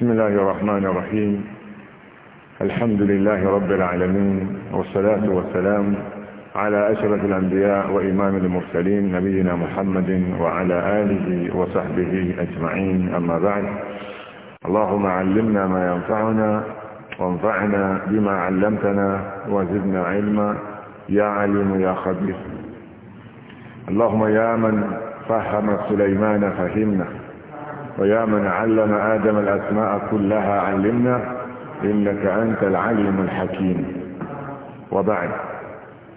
بسم الله الرحمن الرحيم الحمد لله رب العالمين والصلاة والسلام على أشرف الأنبياء وإمام المرسلين نبينا محمد وعلى آله وصحبه أجمعين أما بعد اللهم علمنا ما ينفعنا وانفعنا بما علمتنا وزدنا علما يا عليم يا خبير اللهم يا من فهم سليمان فهمنا ويا من علم آدم الأسماء كلها علمنا إنك أنت العليم الحكيم وبعد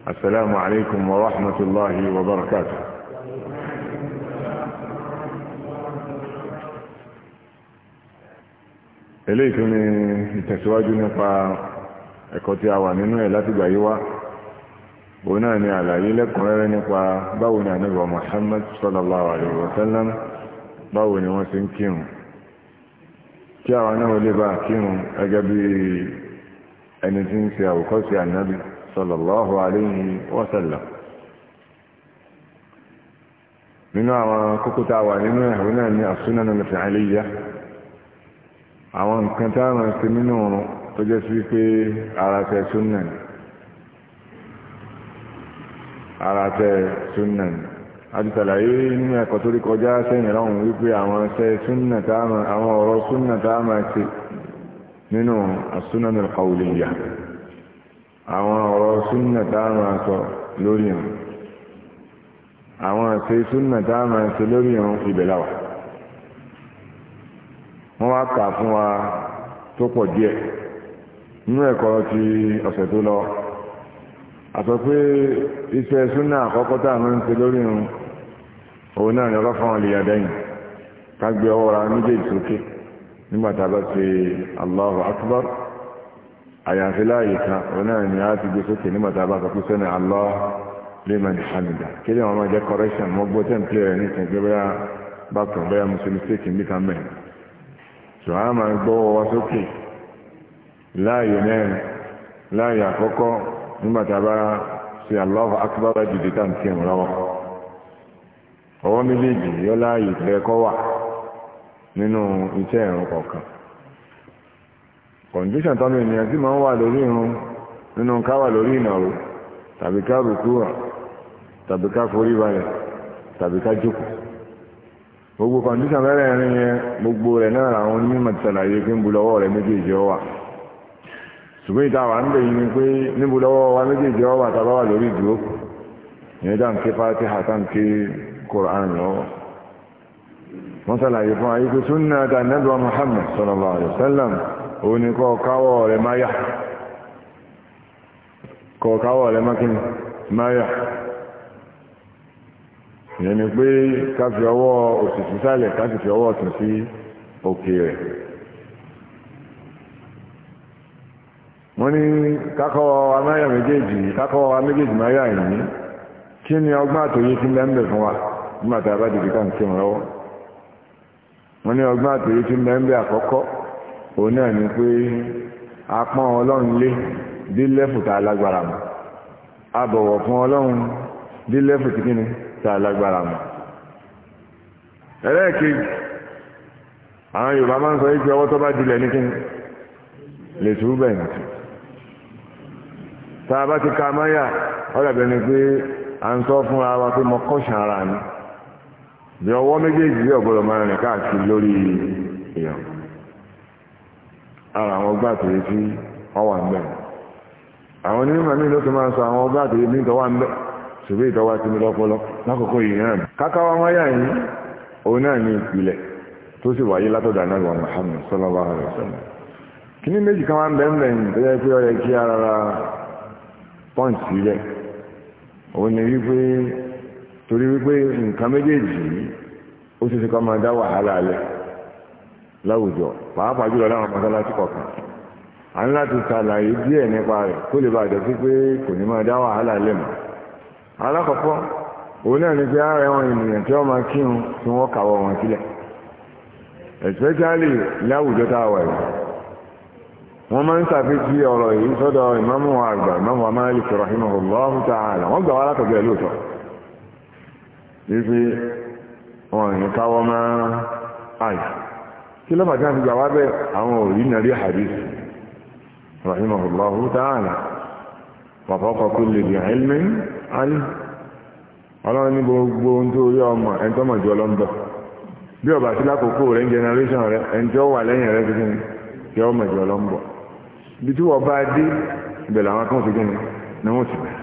السلام عليكم ورحمة الله وبركاته eléyìí ni ìtẹ̀síwájú nípa ẹ̀kọ́ tí a wà nínú ẹ̀ láti gbà yí wá òun náà ni àlàyé lẹ́kùnrẹ́rẹ́ nípa báwo ni ànábì Muhammad sallallahu alaihi wa sallam báwo ni wọ́n ti ń kírun kí àwọn náà lè bá kírun gẹ́gẹ́ bí ẹni tí ń ṣe àwòkọ́ṣe ànábì sallallahu alayhi wa sallam nínú àwọn kókótà wà nínú ẹ̀rọ náà ní as-sunan al àwọn nǹkan tá a máa nínú ọ̀run tó jẹ́ sí pé ara tẹ súnà ni ara tẹ súnà ni àtìsàlàyé nínú ẹ̀kọ́ tó rí kọjá sẹ́yìn lọ́hùn wípé àwọn ṣe súnà táàmà àwọn ọ̀rọ̀ súnà táàmà ṣe nínú as-sunan al-qawliyya àwọn ọ̀rọ̀ súnà táàmà sọ lórí ẹ̀ àwọn ṣe súnà táàmà ṣe lórí ẹ̀ ìbẹ̀láwà wọ́n wá kà fún wa tó pọ̀ díẹ̀ nínú ẹ̀kọ́ ti ọ̀sẹ̀ tó lọ àsọ pé iṣẹ́ súnà àkọ́kọ́ táàmà ń ṣe lórí ẹ̀ òun náà ni ọlọ́fọ́n lè yàdẹ́yìn ká ọwọ́ ra méjèèjì sókè nígbà a bá ṣe Allahu Akbar àyàfi láàyè kan òun náà ni a ti gbé sókè nígbà tá a bá sọ pé sẹ́ni Allah hamida kí lè wọn máa jẹ́ correction mọ́ gbọ́ tẹ́ rẹ̀ ní ìtẹ̀gbẹ́ bẹ́yà bákan bẹ́yà mo ṣe ní kan mẹ́rin sókè láàyè mẹ́rin láàyè àkọ́kọ́ bá Allahu ọwọ́ méjèèjì yọ láàyè ìtẹ́kọ́ wà nínú iṣẹ́ ìrun kọ̀ọ̀kan kọ̀ǹdíṣàn tọ́nu ènìyàn tí máa ń wà lórí ìrun nínú ká wà lórí ìnàró tàbí ká rùkúrà tàbí ká forí balẹ̀ tàbí ká jókòó gbogbo kọ̀ǹdíṣàn mẹ́rẹ̀ẹ̀rin yẹn gbogbo rẹ̀ náà àwọn onímọ̀ ti ń bu lọ́wọ́ rẹ̀ méjèèjì ọ wà ṣùgbọ́n ìta wà ń bẹ̀ yìí ni pé níbo lọ́wọ́ wa méjèèjì ọ wà wà lórí ìdúró ìyẹn dáǹkì Qur'an lọ́wọ́ wọ́n sàlàyé fún ayé fi súnà àtànẹ́bọ̀ Muhammad sallallahu alaihi wasallam òun ni kọ káwọ́ rẹ̀ máyà kọ́ pé ká fi ọwọ́ òsìsì sálẹ̀ ká fi ọwọ́ ọ̀tún sí òkè rẹ̀ wọ́n ní kákọ́wọ́ amáyà méjèèjì kákọ́wọ́ améjèèjì máyà yìí kí ni ọgbọ́n ti fún nígbà tá a bá dìbì káà ń kírun lọ́wọ́ wọ́n ní ọgbọ́n àtòyí tí mẹ́ńbẹ́ àkọ́kọ́ òun náà ni pé apọ́n ọlọ́run lé dé lẹ́fù tá a lágbára mọ́ abọ̀wọ̀ fún ọlọ́run dé tí kíni tá a lágbára mọ́ ẹlẹ́ẹ̀kejì àwọn yorùbá máa ń sọ ìgbé ọwọ́ tó bá dilẹ̀ ní kíni lè tún bẹ̀ nìtì tá a bá ti ka amáyà ọ̀dàbẹ̀ ni pé à ń sọ fúnra wa pé mo kọ́ṣàn ara mi. bí ọwọ́ méjèèjì ọ̀gbọ́dọ̀ máa rìn káàkiri lórí èèyàn ara àwọn ọgbà àtòyè tí wọ́n wà ń bẹ̀rẹ̀ àwọn onímọ̀ mi ló ti máa sọ àwọn ọgbà àtòyè mi tọ́wà ń bẹ̀rẹ̀ ṣùgbọ́n ìtọ́wà ti lákòókò yìí náà kákáwá wọn yà yín òun náà ní ìpìlẹ̀ tó sì wáyé látọ̀dọ̀ Muhammad kíní méjì kan wá ń pé yẹ kí ara torí wípé nǹkan méjèèjì yìí ó ṣe ṣe kọ́ máa dá wàhálà láwùjọ pàápàá jùlọ láwọn mọ́sálásí kọ̀ọ̀kan à ń láti ṣàlàyé díẹ̀ nípa rẹ̀ kó lè bàjẹ́ sí pé kò ní máa dá wàhálà lẹ̀ mọ́ alákọ̀ọ́kọ́ òun náà ni ara ẹwọn ènìyàn tí wọ́n máa kírun tí wọ́n kàwọ́ wọn sílẹ̀ especially láwùjọ tá a wà wọ́n máa ń ṣàfihàn ọ̀rọ̀ yìí sọ́dọ̀ ìmáàmù àgbà ìmáàmù wọ́n wípé wọn ní káwọ́ máa àì kí lọ́pàá tí wọ́n fi gbà wá bẹ́ẹ̀ àwọn òrí nàrí hadith rahimahullahu ta'ala wa fawqa kulli bi ilmin al. ọlọ́run ní gbogbo ohun tó rí ọmọ ẹ̀ńtọ́mọ̀ jù ọlọ́mbọ̀ bí ọba sí lákòókò rẹ̀ ń generation rẹ̀ ẹ̀ńtọ́ wà lẹ́yìn rẹ̀ fi kíni kí ọmọ jù ọlọ́mbọ̀ bí tí wọ́n bá dé ìbẹ̀lẹ̀ àwọn kan fi ni wọ́n ti bẹ̀rẹ̀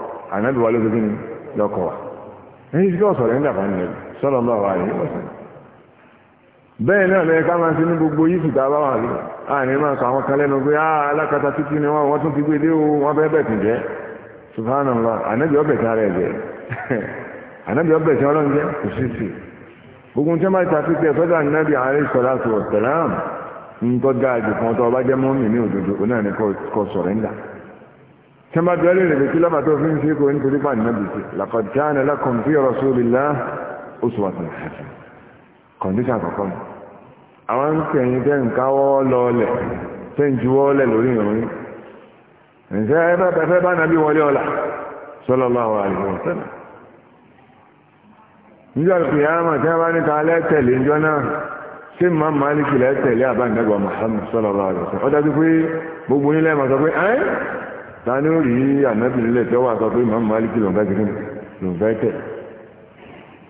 ànábì wa ló fi kí ni lọ́kọ̀ wa ní ìsìkí ọ̀sọ̀rọ̀ nígbà kan nílẹ̀ sọ́lọ́ bá wà ní ọ̀sẹ̀ bẹ́ẹ̀ náà lẹ́yìn ká máa ṣe ní gbogbo yìí fìgbà bá wà lọ àní máa sọ àwọn kan lẹ́nu pé á ah, alákatá títí ni wọ́n tún ti gbé dé o wọ́n fẹ́ bẹ̀tì jẹ́ subhanallah ànábì ọbẹ̀ tí ara ẹ̀ jẹ́ ànábì ọbẹ̀ tí ọlọ́run jẹ́ kò sí sí gbogbo tí wọ́n bá ti àfikẹ́ ẹ̀fọ́dà ànábì alayhi salatu wassalam ń tọ́ dáa jù fún ọba jẹ́ mọ́mì ní òdodo onáà ní kọ́ sọ̀rẹ́ńdà كما قال النبي كل ما توفين فيكم انتم لقاء النبي لقد كان لكم في رسول الله أسوة حسنة kọ̀ndíṣà kọ̀kọ́ ni àwọn ń pè yín tẹ́ nǹkan wọ́ lọ́ọ̀lẹ̀ tẹ́ ń juwọ́ lẹ̀ lórí ìrún yín sallallahu alaihi wa sallam níjọ́ ìpìyàmọ̀ tí wọ́n bá ní kalẹ́ tẹ̀lé ńjọ́ náà ṣé màá Málíkì Muhammad sallallahu alaihi wa sallam ó dájú pé gbogbo nílẹ̀ mọ̀ sọ ta ni ó rí ànábì nílẹ̀ tí ó wà sọ pé Imam ń fẹ́ kíkún ló ń a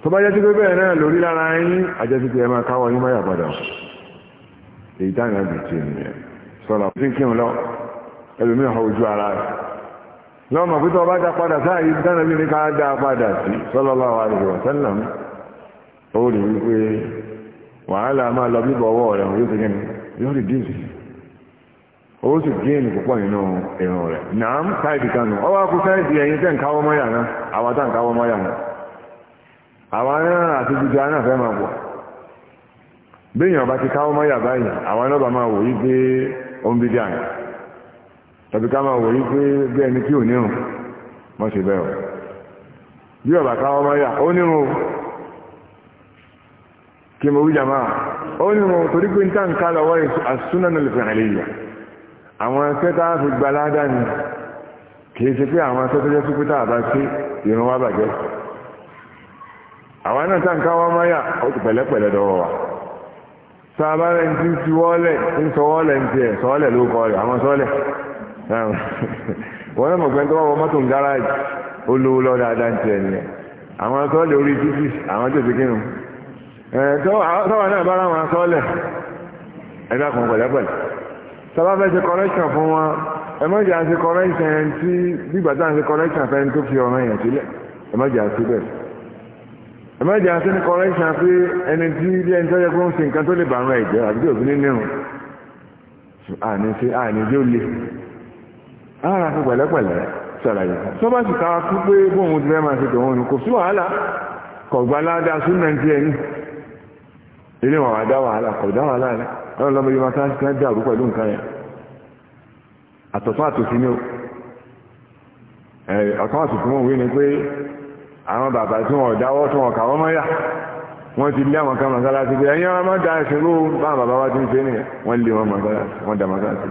tó bá jẹ́ sí pé bẹ́ẹ̀ náà lórí lára yín àjẹsí pé ẹ máa káwọ́ yín máyà padà èyí tí kí n lọ ẹlòmíì ojú ara rẹ̀ lọ́mọ pé tó bá dá padà sáàyè dáná bí ní ká dá padà sí sallallahu alaihi wa sallam ó rí wípé wàhálà máa lọ bíbọ̀ ọwọ́ rẹ̀ ó sì géènì púpọ̀ nínú ìrùn rẹ̀ náà ń sáìdì kanù ọ wá kú sáìdì ẹ̀yìn tẹ́ ń káwọ́ mọ́yà náà àwa tá ń káwọ́ mọ́yà náà àwa náà àti jíjẹ aná fẹ́ máa béèyàn bá ti káwọ́ mọ́yà báyìí àwa náà bá máa wò yí pé ó ń bí díà tàbí ká máa wò yí pé bí ẹni ò mọ́ ṣe bẹ́ẹ̀ o bí ọ̀bà káwọ́ àwọn ẹsẹ́ tá a fi gba ládá ni kì í ṣe pé àwọn ẹsẹ́ tó jẹ́ sí pété àbá sí ìrún wa bàjẹ́ àwọn náà tá n káwọ́ máyà ó ti pẹ̀lẹ́pẹ̀lẹ́ dọ́wọ́ wa tá a bá rẹ̀ ń ti ti wọ́ọ́lẹ̀ ń sọ wọ́ọ́lẹ̀ ń tiẹ̀ sọ́ọ́lẹ̀ ló kọ́ rẹ̀ àwọn sọ́ọ́lẹ̀ wọ́n náà mọ̀gbẹ́ tó wá wọ mọ́tò ń gáràjì ó lówó lọ́ dáadáa ń tiẹ̀ nìyẹn àwọn sọ́ọ́lẹ̀ orí títí àwọn tètè kírun ẹ̀ tọ́wọ́ náà bá àwọn sọ́ọ́lẹ̀ ẹ dákun pẹ̀lẹ́pẹ̀lẹ́ sábà fẹ́ ṣe correction fún wọn ẹ má jà ṣe correction ẹni tí bígbà tá à ń ṣe correction fẹ́ni tó fi ọ̀ràn yẹn sílẹ̀ ẹ má jà sí bẹ́ẹ̀ ẹ má jà sí ní correction pé ẹni tí ilé ẹni tó yẹ kó ń ṣe nǹkan tó lè bàrún ẹ̀ jẹ́ àbí tí òfin nínú àní ṣe àní tí ó le ara fi pẹ̀lẹ́pẹ̀lẹ́ ṣàlàyé sọ́bà sì ká kú pé bóun ti fẹ́ máa ṣe tòun kò sí wàhálà kọ̀gbálá dá súnmẹ́ntì ẹni ilé wàhálà dá wàhálà kọ̀dá wàhálà rẹ̀ ọlọ́run lọ́mọ yorùbá sáà kan dàrú pẹ̀lú nǹkan yẹn àtọ̀tún àtòsí ni ó ọ̀tún àtòsí wọn wí ni pé àwọn bàbá tí wọn dáwọ́ tí wọn kà wọ́n wọ́n ti lé àwọn kan mọ̀sálásí pé ẹ̀yin ọmọ da ẹ̀sìn báwọn bàbá wa ti ń da mọ̀sálásí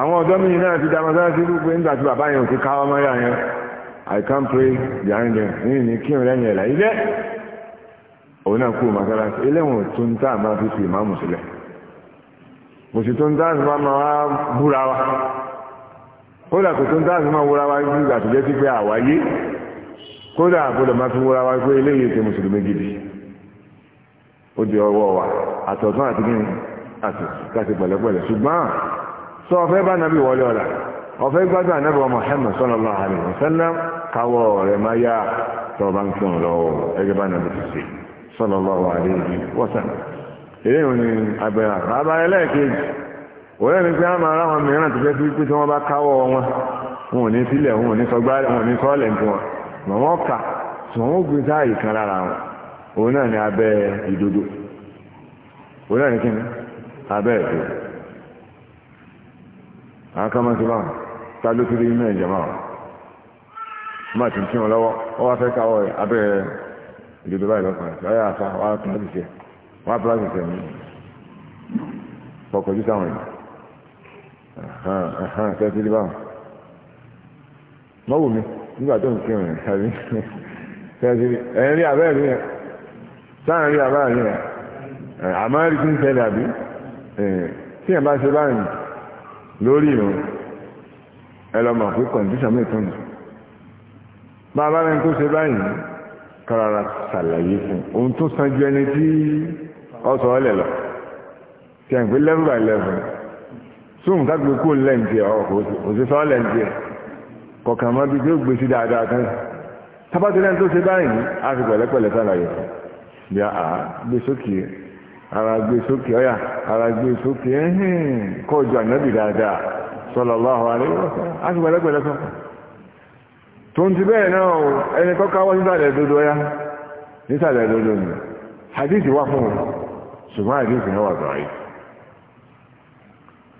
àwọn ọ̀dọ́ mi náà ti da mọ̀sálásí pé nígbà tí bàbá yẹn ò ti ká yẹn kò sì tó ń dáàbò máa máa búra wa kódà kò tó ń dáàbò máa wúra wa ju ìgbà tó jẹ́ sí pé àwáyé kódà àbúrò máa fi wúra wa pé eléyìí ti mùsùlùmí gidi ó di ọwọ́ wa àtọ̀tún àti kí àti káṣí pẹ̀lẹ́pẹ̀lẹ́ ṣùgbọ́n sọ ọ̀fẹ́ bá nàbí wọlé ọ̀la ọ̀fẹ́ gbádùn ànábọ̀ Muhammad sallallahu alaihi wasallam káwọ́ rẹ̀ máa yá tọ́ bá ń kírun lọ́wọ́ ẹgbẹ́ bá nàbí ti ṣe sallallahu alaihi wasallam èyí ò ní abẹ́rẹ́ àbáyé lẹ́ẹ̀kejì òun ẹni pé a máa na wọn mìíràn tó fẹ́ sí pé tí wọ́n bá káwọ́ wọn wọn ò ní sílẹ̀ wọn ò ní sọgbà wọn ò ní sọ́ọ̀lẹ̀ wọn mọ̀ wọ́n kà gbé sáàyè kan lára wọn òun náà ní abẹ́ ìdodo ni abẹ́ ìdodo ló inú ẹ̀jẹ̀ máa wọn má ti ń kí wọn lọ́wọ́ wọ́n wá fẹ́ káwọ́ abẹ́ ìdodo báyìí lọ́kàn wọ́n á pílásì tẹ̀mí pọ̀pọ̀ jù sáwọn yìí tẹ́tí lé báwọn mọ́wù mi nígbà tó ń kírun rẹ̀ tàbí tẹ́tí lé ẹ̀yìn rí abẹ́rẹ́ rí rẹ̀ sáà rí abẹ́rẹ́ rí rẹ̀ àmọ́ rí tí ń tẹ́lẹ̀ àbí tí ẹ̀ bá ṣe báyìí lórí ìrùn ẹ lọ mọ̀ pé kọ̀ǹdíṣàn mi tún bá a bá rẹ̀ tó ṣe báyìí kárára ṣàlàyé fún ohun tó sanjú ẹni tí Ọsọ ọ̀lẹ̀ lọ kẹ̀ǹpé eleven by eleven sóun kágbé kó lẹ́ǹtì ẹ̀ òṣìṣẹ́ ọ̀lẹ́ǹtì ẹ̀ tí ó gbé sí dáadáa kan tó ṣe báyìí á fi sàlàyé fún bí a gbé sókè ara gbé sókè ara gbé sókè kọjú ànábì dáadáa sọlọ á fi sọ náà ẹni dodo dodo ni ṣùgbọ́n àdéhùn náà wà gbọ́n yìí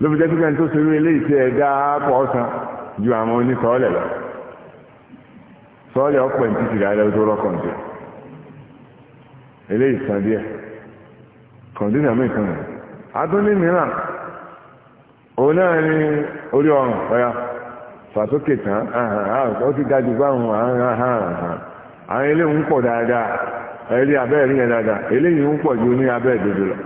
ló fi pípẹ́ tó ṣerú eléyìí tí ẹ̀dá pọ̀ ọ̀sán ju àwọn onítọ̀ọ́lẹ̀ lọ sọ́ọ̀lẹ̀ ọ̀pọ̀ ní títì rẹ̀ tó rọ́kàn jẹ́ eléyìí san díẹ̀ kọ̀ǹdínà mìíràn rẹ̀ adúlé mìíràn òun náà ní orí ọrùn ọ̀yà fàtókè tán ti báwọn àwọn ń pọ̀ dáadáa ẹ̀rí abẹ́ẹ̀rí yẹn dáadáa eléyìí ń pọ̀ ju ní abẹ́ ìdodo lọ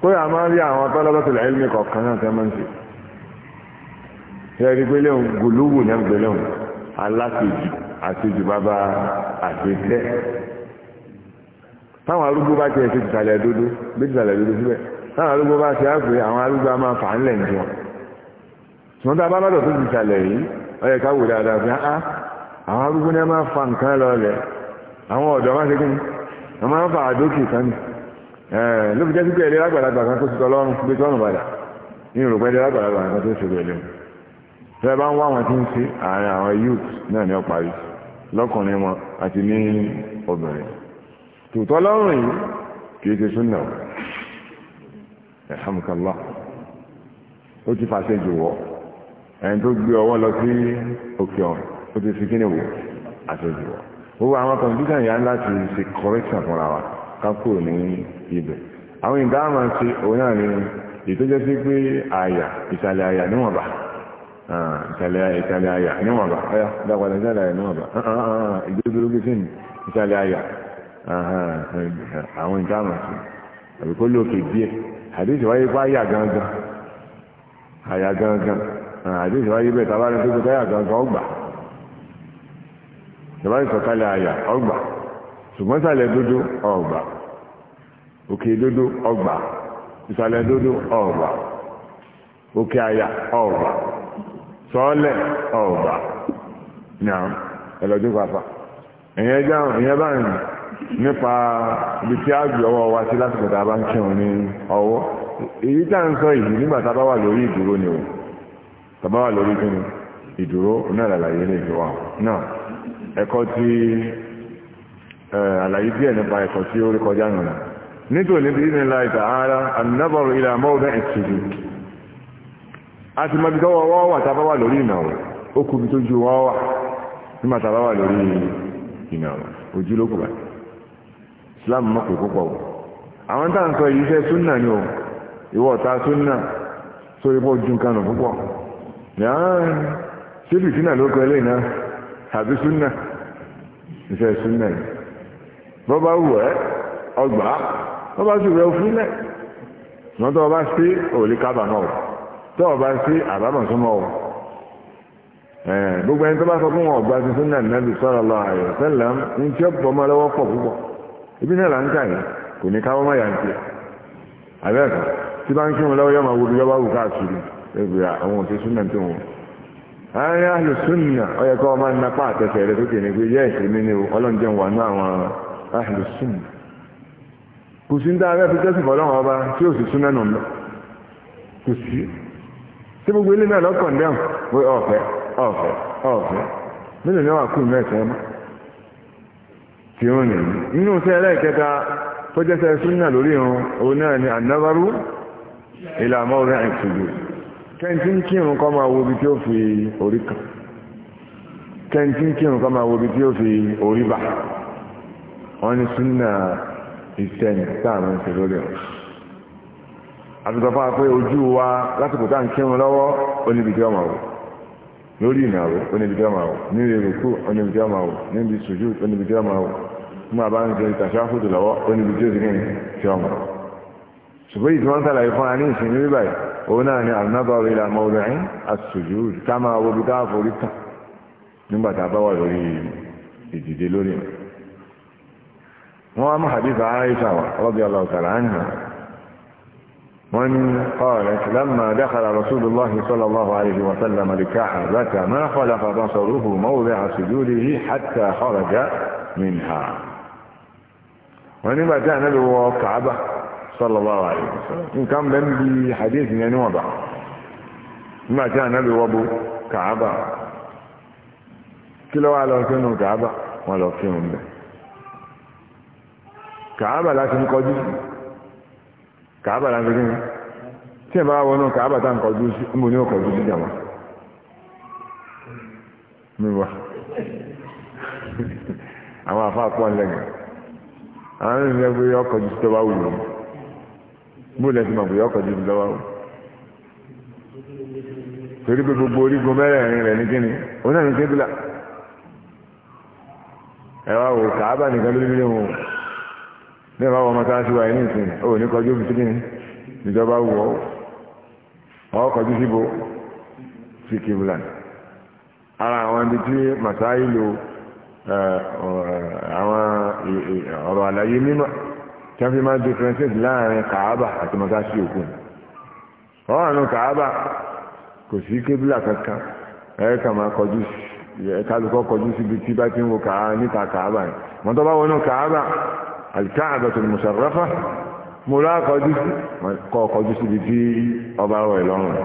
kóyà a máa ń rí àwọn tọ́lọ́lọ́tò lẹ́yìn mi kọ̀ọ̀kan náà tẹ́ máa ń ṣe ṣẹ́ẹ́rí gbélé òun gòlúwù náà gbélé òun aláṣejù àṣejù bàbá àṣetẹ́ táwọn arúgbó bá tiẹ̀ ṣe tìtàlẹ̀ dodo bí tìtàlẹ̀ dodo síbẹ̀ táwọn arúgbó bá ṣe àgbè àwọn arúgbó máa fà á ńlẹ̀ nìkan ṣùgbọ́n tá tó tìtàlẹ̀ àwọn arúgbó náà máa fa nǹkan lọ lẹ̀ àwọn ọ̀dọ́ máa ṣe kí ni wọ́n máa ń fa àdókè kan ní ló fi jẹ́ sí pé ẹ̀lẹ́ lágbàlagbà kan tó ti tọ́lọ́run gbé tọ́rùn padà ní ìròpẹ́ ẹ̀lẹ́ lágbàlagbà kan tó ṣe pẹ̀lú tẹ́ bá ń wá àwọn tí ń ṣe àárín àwọn youth náà ní ọ̀parí lọ́kùnrin wọn àti ní obìnrin tòótọ́ lọ́rùn yìí kìí ṣe súnà o alhamdulillah ó ti fàṣẹ jù wọ ẹni tó gbé ọwọ́ lọ sí òkè ọ̀run ó ti fi kíni wò àṣẹ jù wọ́n gbogbo àwọn kọ̀ǹpútà yà ń láti ṣe correction fúnra wa kákò ní ibẹ̀ àwọn ìdáhùn ṣe òun náà ni ìtọ́jọ́ sí pé àyà ìsàlẹ̀ àyà níwọ̀nba ìsàlẹ̀ ìsàlẹ̀ àyà níwọ̀nba ọ̀yà dàgbàdà ìsàlẹ̀ àyà níwọ̀nba ìgbésórógbé sí ni ìsàlẹ̀ àyà àwọn ìdáhùn ṣe àbí kó lóòkè díẹ̀ àdéhùn wáyé pé àyà gangan àyà gangan àdéhùn wáyé bẹ́ẹ̀ tábàrin tó gbé táyà gangan ọgbà ìjọba ìsọ̀kalẹ̀ àyà ọgbà ṣùgbọ́n ìsàlẹ̀ dúdú ọgbà òkè dúdú ọgbà ìsàlẹ̀ dúdú ọgbà òkè àyà ọgbà sọ́ọ̀lẹ̀ ọgbà ní àwọn ẹlọ́dún dáhùn nípa ibi tí a gbé ọwọ́ wa sí lásìkò tá a bá ń kírun ní ọwọ́ èyí tá à ń sọ a bá wà o ẹ̀kọ́ ti àlàyé díẹ̀ nípa ẹ̀kọ́ tí ó rí kọjá nùlá nítorí bí ní láì tààrà ànábọ̀rọ̀ ilẹ̀ àmọ́ọ̀dẹ́ ìṣèlú a ti mọ́bí tọ́wọ́ tàbáwà lórí ìnàwó ó kú bí tó ju wọ́wà nígbà tàbáwà lórí ìnàwó ojú ló islam mọ́kù púpọ̀ àwọn tá ń sọ yìí súnà súnà sórí pọ̀ ju nǹkan nù púpọ̀ ló tàbí súnà iṣẹ́ súnà yìí bọ́bá wù ẹ́ ọgbà bọ́bá sì rẹ̀ òfúnlẹ̀ wọ́n tọ́ ọba sí òòlì kábàámọ̀ ọ̀ tọ́ ọba sí àbámọ̀ súnmọ́ ọ̀ gbogbo ẹni tó bá sọ fún wọn ọgbà sí súnà nàbì sallallahu alaihi wasallam ń tí ó pọ̀ mọ́ lọ́wọ́ pọ̀ púpọ̀ ibi náà là ń kà yìí kò ní káwọ́ mọ́ yàǹtì àbẹ́ẹ̀kan tí bá ń kírun lọ́wọ́ yọ àárín àlùsùnà ọ̀yẹ̀kọ́ ọmọ nàpá àtẹ̀sẹ̀ rẹ̀ sókè ní pé yẹ́ ìsinmi ni ọlọ́njẹ́ wà ní àwọn kò sí ń dá abẹ́ ọba tí ó sì lọ kò sí tí gbogbo ilé náà lọ́kàn dẹ́hùn pé ọ̀fẹ́ ọ̀fẹ́ ọ̀fẹ́ ni wà kú mẹ́sẹ̀ tí ó nì nínú sẹ́ ẹlẹ́ẹ̀kẹta tó jẹ́sẹ̀ lórí òun náà ni àìsùgbò kẹ́ntì ń kírun kọ́ máa wo ibi tí ó fi orí kan kẹ́ntì kírun kọ́ máa wo ibi tí ó fi orí bà wọ́n ní súnà ìsẹ́ni táàmù ìṣẹ̀ lórí ọ̀rọ̀ àtùtọ̀fà pé ojú wa lásìkò tá à kírun lọ́wọ́ ó níbi tí wọ́n máa wò lórí ìnáwó ó níbi tí wọ́n máa wò ìrùkú ó níbi òun náà ni an-nadharu ila mawdi'i as-sujud ká máa wo bí káà forí tán nígbà tá a bá wà lórí ìdìde lórí wọn wá mú hadith Aisha wa radiyallahu ta'ala anha من قالت لما دخل رسول الله صلى الله عليه وسلم لكعبة ما خلف بصره موضع سجوده حتى خرج منها ونبتعنا له كعبة sallallahu alaihi wasallam nǹkan bẹ́ẹ̀ ń bi hadith yẹn níwọ̀n bá nígbà tí ànábì wọ́ bó kàábà kí ló wà lọ sínú kàábà wọn lọ fi hàn bẹ́ẹ̀ kàábà láti tí ẹ bá wọnú kàábà tá à ń kọjú bóòlù ẹ̀sìn màbùyá ọkọ̀ jù lọ́wọ́ o torí pé gbogbo orígun mẹ́rẹ̀ẹ̀rin rẹ̀ ní kíni ó náà ní kébìlà ẹ wá wò kàábà nìkan lórí mílíọ̀nù o ní ìbá wọn mọ́tà sí wa yìí ní ìsìn ó ní kọjú òfin sí kíni ìjọba wù ọ kọjú síbo sí kébìlà ara àwọn ibi tí màsáyì lo àwọn ọ̀rọ̀ àlàyé mímọ́ tí wọ́n fi máa differentiate láàrin kàábà àti mọ́sáàsì òkú wọ́n wà nù kàábà kò sí kébìlà kankan ẹ̀ẹ́kà máa kọjú kálukọ́ kọjú síbi tí bá ti ń wo kàá níta kàábà yìí wọ́n tó bá wọnú kàábà àlìkáàbà tó mùsàrọ́fà mo rá kọjú kọ́ kọjú síbi tí ọba rọ̀ ẹ̀ lọ́rùn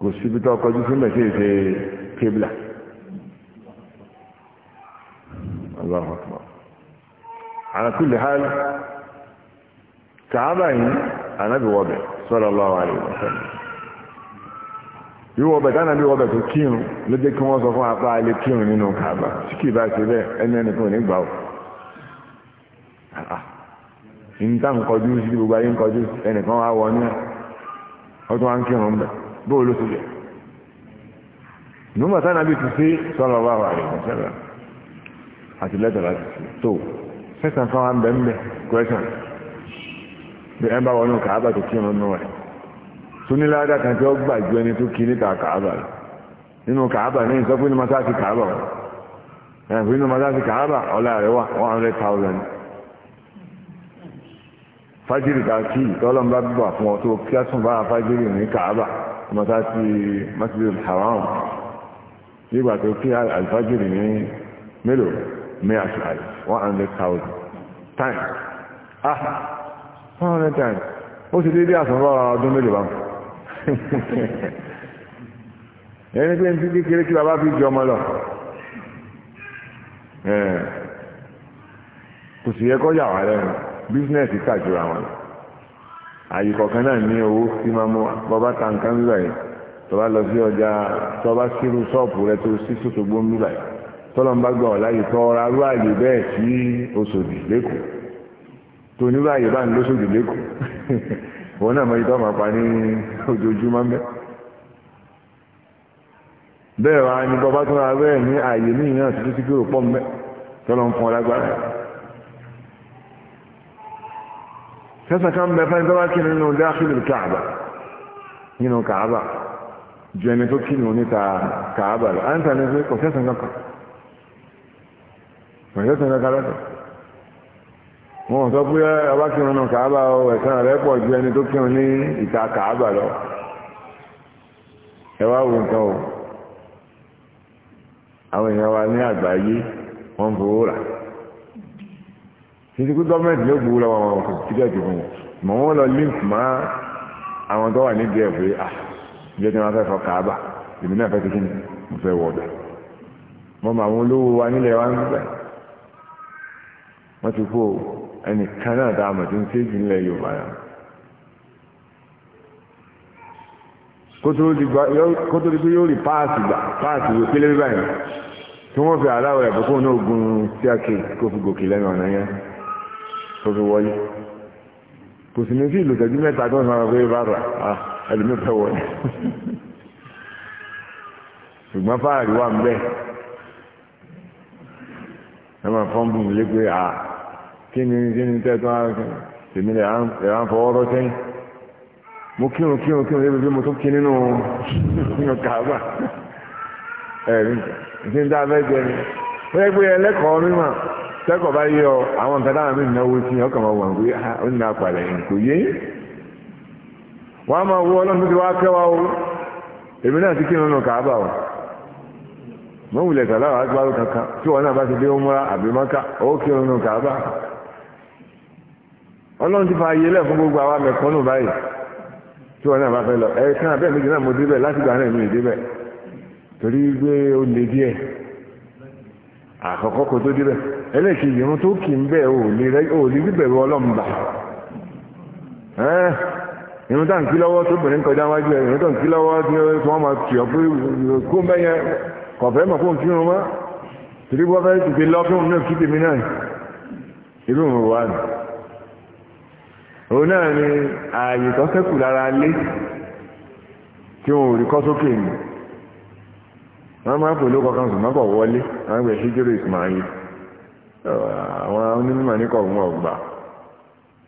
kò síbi tó kọjú sí mẹ́sẹ̀ ṣe kébìlà. Allahu Akbar. على كل حال كعبين أنا بوضع صلى الله عليه وسلم yíwọ bẹ̀tá náà bí wọ́n bẹ̀tọ̀ kírun ló jẹ́ kí wọ́n sọ fún apá ilé kírun nínú kàbà tí kìí bá ṣe bẹ́ẹ̀ ẹni ẹni fún nígbà ó ah, ah. níta ń kọjú sí gbogbo ayé ń kọjú ẹnìkan wá wọ ní ọtún wá kírun bẹ̀ bóò ló ti bẹ̀ nígbà táwọn ti ṣe sọ́lọ́ wà wà rẹ̀ àti lẹ́tọ̀ láti ṣe tó sẹ́sàn kan wà ń bẹ̀ ń bẹ̀ question bí ẹ bá wọnú kàábà tó kí ọ̀nà rẹ̀ súníládà kan tí ó gbàjú ẹni tó kí níta kàábà nínú kàábà ní ìsọ́fún ní masáàsì kàábà wọn ẹ̀fún nínú masáàsì kàábà ọlá rẹ̀ wà 100,000 fájìrì ká kí tọ́lọ́m bá bíbà fún ọ tó kí á sùn bá fájìrì ní kàábà masáàsì masjid haram nígbà tó kí alfájìrì ní mélòó mẹ́à ṣáàyè one hundred thousand times ah one hundred times ó ti dédé àsánwó ọdún mélòó bá wọn ẹni pé ní kékeré kí bàbá fi jọmọ lọ kò sì yẹ kọjá wà lẹ́nu bísínẹ́sì tàjúra wọn àyè kọ̀ọ̀kan náà ní owó tí máa mú bọ́bá ta ń lọ yìí tọ́ba lọ sí ọjà tọ́ba sírú ṣọ́ọ̀pù rẹ tó sí sòtògbó ń lọ yìí tọ́lọ́n bá gbọ́ ọ̀la yìí tọ́ra rú àyè bẹ́ẹ̀ sí oṣòdì lẹ́kọ̀ọ́ tó nírú àyè bá ń lóṣòdì lẹ́kọ̀ọ́ wọn náà mọ ìtọ́ máa pa ní ojoojúmọ́ mẹ́. bẹ́ẹ̀ wá ní bọ́bá tó ra bẹ́ẹ̀ ní àyè míì náà títí kúrò pọ̀ mẹ́ tọ́lọ́n fún ọ sẹ́sàn kan bẹ fẹ́ni tó bá kí nínú dákìlì káàbà nínú káàbà ju ẹni tó kí nínú níta káàbà lọ. à ń tàn ní pé kò sẹ́sàn kankan wọ́n yóò tẹ̀lé kalọ́tọ̀ wọn sọ pé ọba kírun nù kàába ọ ẹ̀sán rẹ̀ pọ̀ ju ẹni tó kírun ní ìta kàába lọ ẹ wá wo nǹkan o àwọn èèyàn wa ní àgbáyé wọn fowó rà títí kú gọ́ọ̀mẹ̀ntì ló gbowó lọ́wọ́ wọn kò tíkẹ́ẹ̀tì fún wọn mọ̀ wọ́n lọ líǹkì mọ́ àwọn tó wà nídìí ẹ̀ pé ah jẹ́ tí wọ́n fẹ́ fọ kàába èmi náà fẹ́ ni mo fẹ́ wọ̀ ọ̀dà mọ́ mọ́ àwọn olówó wa nílẹ̀ wa ń gbà wọ́n ti kú ẹnìkan náà dá àmọ̀ tó ń ṣe jù nílẹ̀ Yorùbá náà. kótó di pé yóò rí páàsì gbà páàsì ìwé pélé bí báyìí tí wọ́n fi aláwọ̀ rẹ̀ kókó náà gun sí àkè kó fi gòkè lẹ́nu ọ̀nà yẹn tó fi wọlé kò sì ní sí ìlú tẹ̀jú mẹ́ta tó ń sọ pé bàbà ẹlòmíì fẹ́ wọlé ṣùgbọ́n fáàrí wà ń bẹ́ẹ̀ ẹ máa fọ́n bùn lé pé àà. kí ni kí ni tèmi lè à ń fọwọ́ rọ́ sẹ́yìn mo kírun kírun lébi bí mo tún kí nínú nínú kàába ẹ̀rí ní ní jẹ ni ó yẹ pé ẹlẹ́kọ̀ọ́ mímọ̀ tẹ́kọ̀ọ́ bá yé ọ àwọn nǹkan mí ọkàn máa wà wí ah, ó ní kò yé wọ́n á máa wú ọlọ́run tó o èmi náà ti mo wulẹ̀ kankan tí wọn náà bá ti dé àbí mọ́ká ó kàába. ọlọ́run ti fa ayé lẹ̀ fún gbogbo àwa mẹ̀kúnnù báyìí tí wọn náà bá fẹ́ lọ ẹ kí náà bẹ́ẹ̀ méjì náà mo débẹ̀ láti gbà náà mi ì débẹ̀ torí gbé ó lé díẹ̀ àkọ́kọ́ kò tó débẹ̀ ẹlẹ́ẹ̀kejì irun tó kì í bẹ̀ ò lè rí bẹ̀rù ọlọ́run bà irun tá n kí lọ́wọ́ tó bẹ̀rẹ̀ ń kọjá wájú ẹ̀ irun tó n kí lọ́wọ́ tí wọ́n máa kì ọ́ pé kó bẹ́ kọ̀fẹ́ mọ̀ kó kí irun mọ́ torí wọ́n fẹ́ tètè lọ́ fún mi náà kí tèmi náà irú òun wà nù òun náà ni ààyè tó sẹ́kù lára lé tí wọn ò rí kọ́ sókè ni wọ́n máa ń pè ló kọkàn sùn mọ́bọ̀ wọlé wọ́n gbé ṣíjúrò ìsìmáyé àwọn onímọ̀ ní kọ̀ọ̀mù ọ̀gbà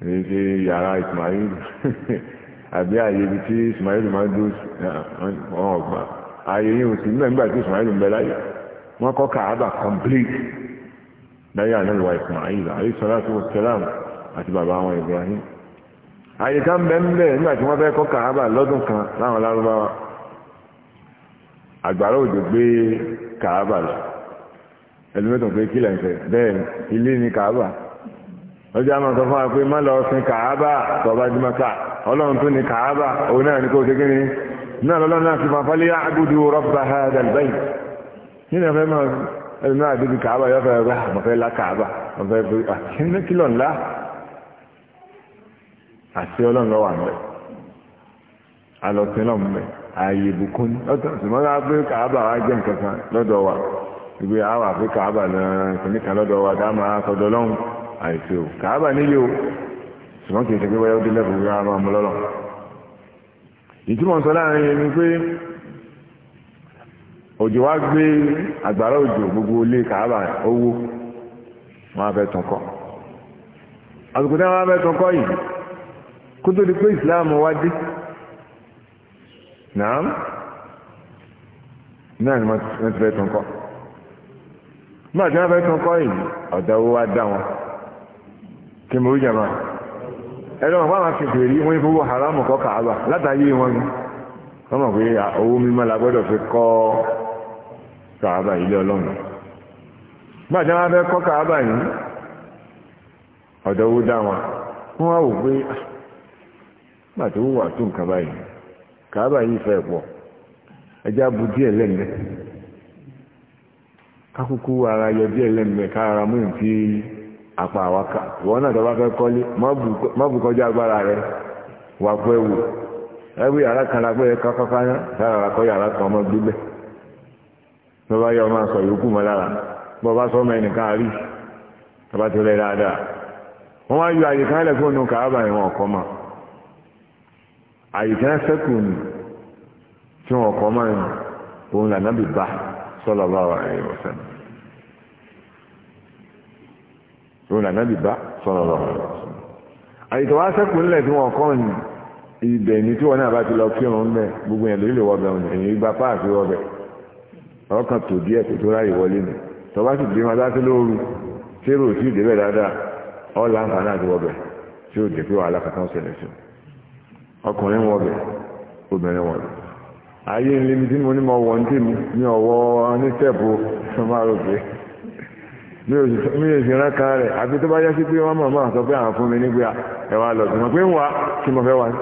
èyí ṣe yàrá ìsìmáyé àbí ààyè ibi tí ìsìmáyé ló máa ń dúró wọn ọ̀gbà ààyè yìí ò sí nígbà nígbà tí ìsìmáyé ló ń bẹ láyé wọ́n kọ́ kàábà complete láyé àná ìwà ìsìmáyé àyè sọlá àti bàbá àwọn Ibrahim àyíká ń bẹ ń bẹ nígbà tí wọ́n fẹ́ kọ́ kàábà lọ́dún kan láwọn lárúbáwá àgbàrá òjò gbé lọ ẹlòmẹ́tàn pé kílẹ̀ ń ilé ni kàábà ọjọ́ àmọ́ sọ fún wa pé má lọ sin kàábà tọ́ba dìmọ́ká ọlọ́run tó ní kàábà òun náà ní kó ṣe kíni náà ha máa yọ àti nọ lọ́wọ́ àmọ́ alọ́sìn ààyè ìbùkún lọ́tọ̀ ṣùgbọ́n láwọn pé kàábà wa jẹ́ nǹkan kan lọ́dọ̀ wa ìgbé kàábà lọ́dọ̀ wa lọ́hùn àìsí o kàábà nílé o ṣe pé gbé ọmọ lọ́lọ́ ìtumọ̀ sọ láàrin yẹn pé òjò wa gbé àgbàrá òjò gbogbo ilé kàábà kó tó di pé ìsìláàmù wá dé nàám náà ni wọ́n ti fẹ́ tún kọ́ nígbà tí wọ́n fẹ́ tún kọ́ yìí ọ̀dà owó wá dá wọn kí mo rí jàmá ẹ̀rọ wọn fáwọn kékeré yìí wọ́n fowó haramu kọ́ kàába látàyè wọn ni wọ́n mọ̀ pé owó mímọ́ la gbọ́dọ̀ fi kọ́ kàába ilé ọlọ́run nígbà tí wọ́n fẹ́ kọ́ kàába yìí ọ̀dà owó dá wọn wọ́n wá wò pé ma ti wà tó nǹkan báyìí kàábà yìí fẹ́ pọ̀ ẹjá bu díẹ̀ ara yọ díẹ̀ lẹ́m̀bẹ́ kára mú ìfi apá àwáká ìwọ́n náà tọ́bá fẹ́ kọ́lé má bù kọjá agbára rẹ wà pẹ́ wù ẹgbẹ́ yàrá kan la pẹ́ kákáká yá sára yàrá kan ọmọ gbígbẹ́ yọ sọ yòókù mọ́ lára bá rí tọ́ba tó lẹ́ dáadáa wọ́n àyíká sẹ́kù ni tí wọ́n kọ́ máa ń òun là nábì bá sallallahu alaihi wasallam òun là nábì bá sallallahu alaihi wasallam àyíká wá sẹ́kù nílẹ̀ tí wọ́n kọ́ ni ibẹ̀ ni tí wọ́n náà bá ti lọ kí ọ̀run bẹ́ẹ̀ gbogbo yẹn lórí lè wọ́ bẹ́ẹ̀ ni èyí gba páàkì wọ́ bẹ́ẹ̀ ọkàn tó díẹ̀ kò tó ráyè wọlé ni tọ́ba sì gbé máa dáké lóru tí èrò tí ì débẹ̀ dáadáa ọ̀ láǹfààní àti wọ́ bẹ́ẹ̀ tí ò dé pé wàhálà kankan ṣẹlẹ̀ sí i. ọkùnrin wọ̀bẹ̀ obìnrin wọ̀bẹ̀ ayé ilé lébi tí mo ní ní ọwọ ọwọ́ ní tẹ́ẹ̀pù mi ò sì rán kan rẹ̀ àti tó bá yá sí pé wọ́n mọ̀ sọ pé àwọn fún mi ẹ̀wà lọ sí mọ̀ pé ń wá kí mo fẹ́ wá ní.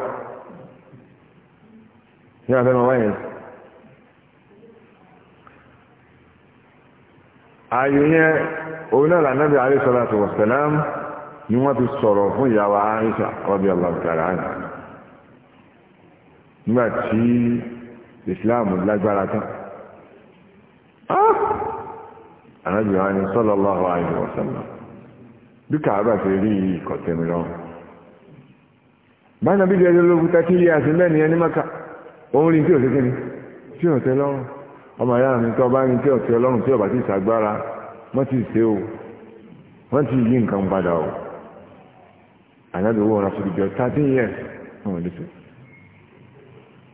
wáyé ni wọ́n ti sọ̀rọ̀ fún ìyàwó nígbà tí islam lágbára tán ah! ànábì wa ni sallallahu alaihi wasallam bí kàábà ṣe rí ìkọ̀tẹ̀mìíràn báyìí nàbí ìdíyẹ lógún tá ilé àti mẹ́rin ẹni mọ́ka òun rí tí ò sékè ni tí ò tẹ lọ́rùn ọmọ ìyá mi tó bá ní tí ò tẹ lọ́rùn tí ò bá ti ṣàgbára wọ́n ti ṣe o wọ́n ti yí nǹkan padà o ànábì wo ọ̀rọ̀ fún ìjọ thirteen years wọ́n lè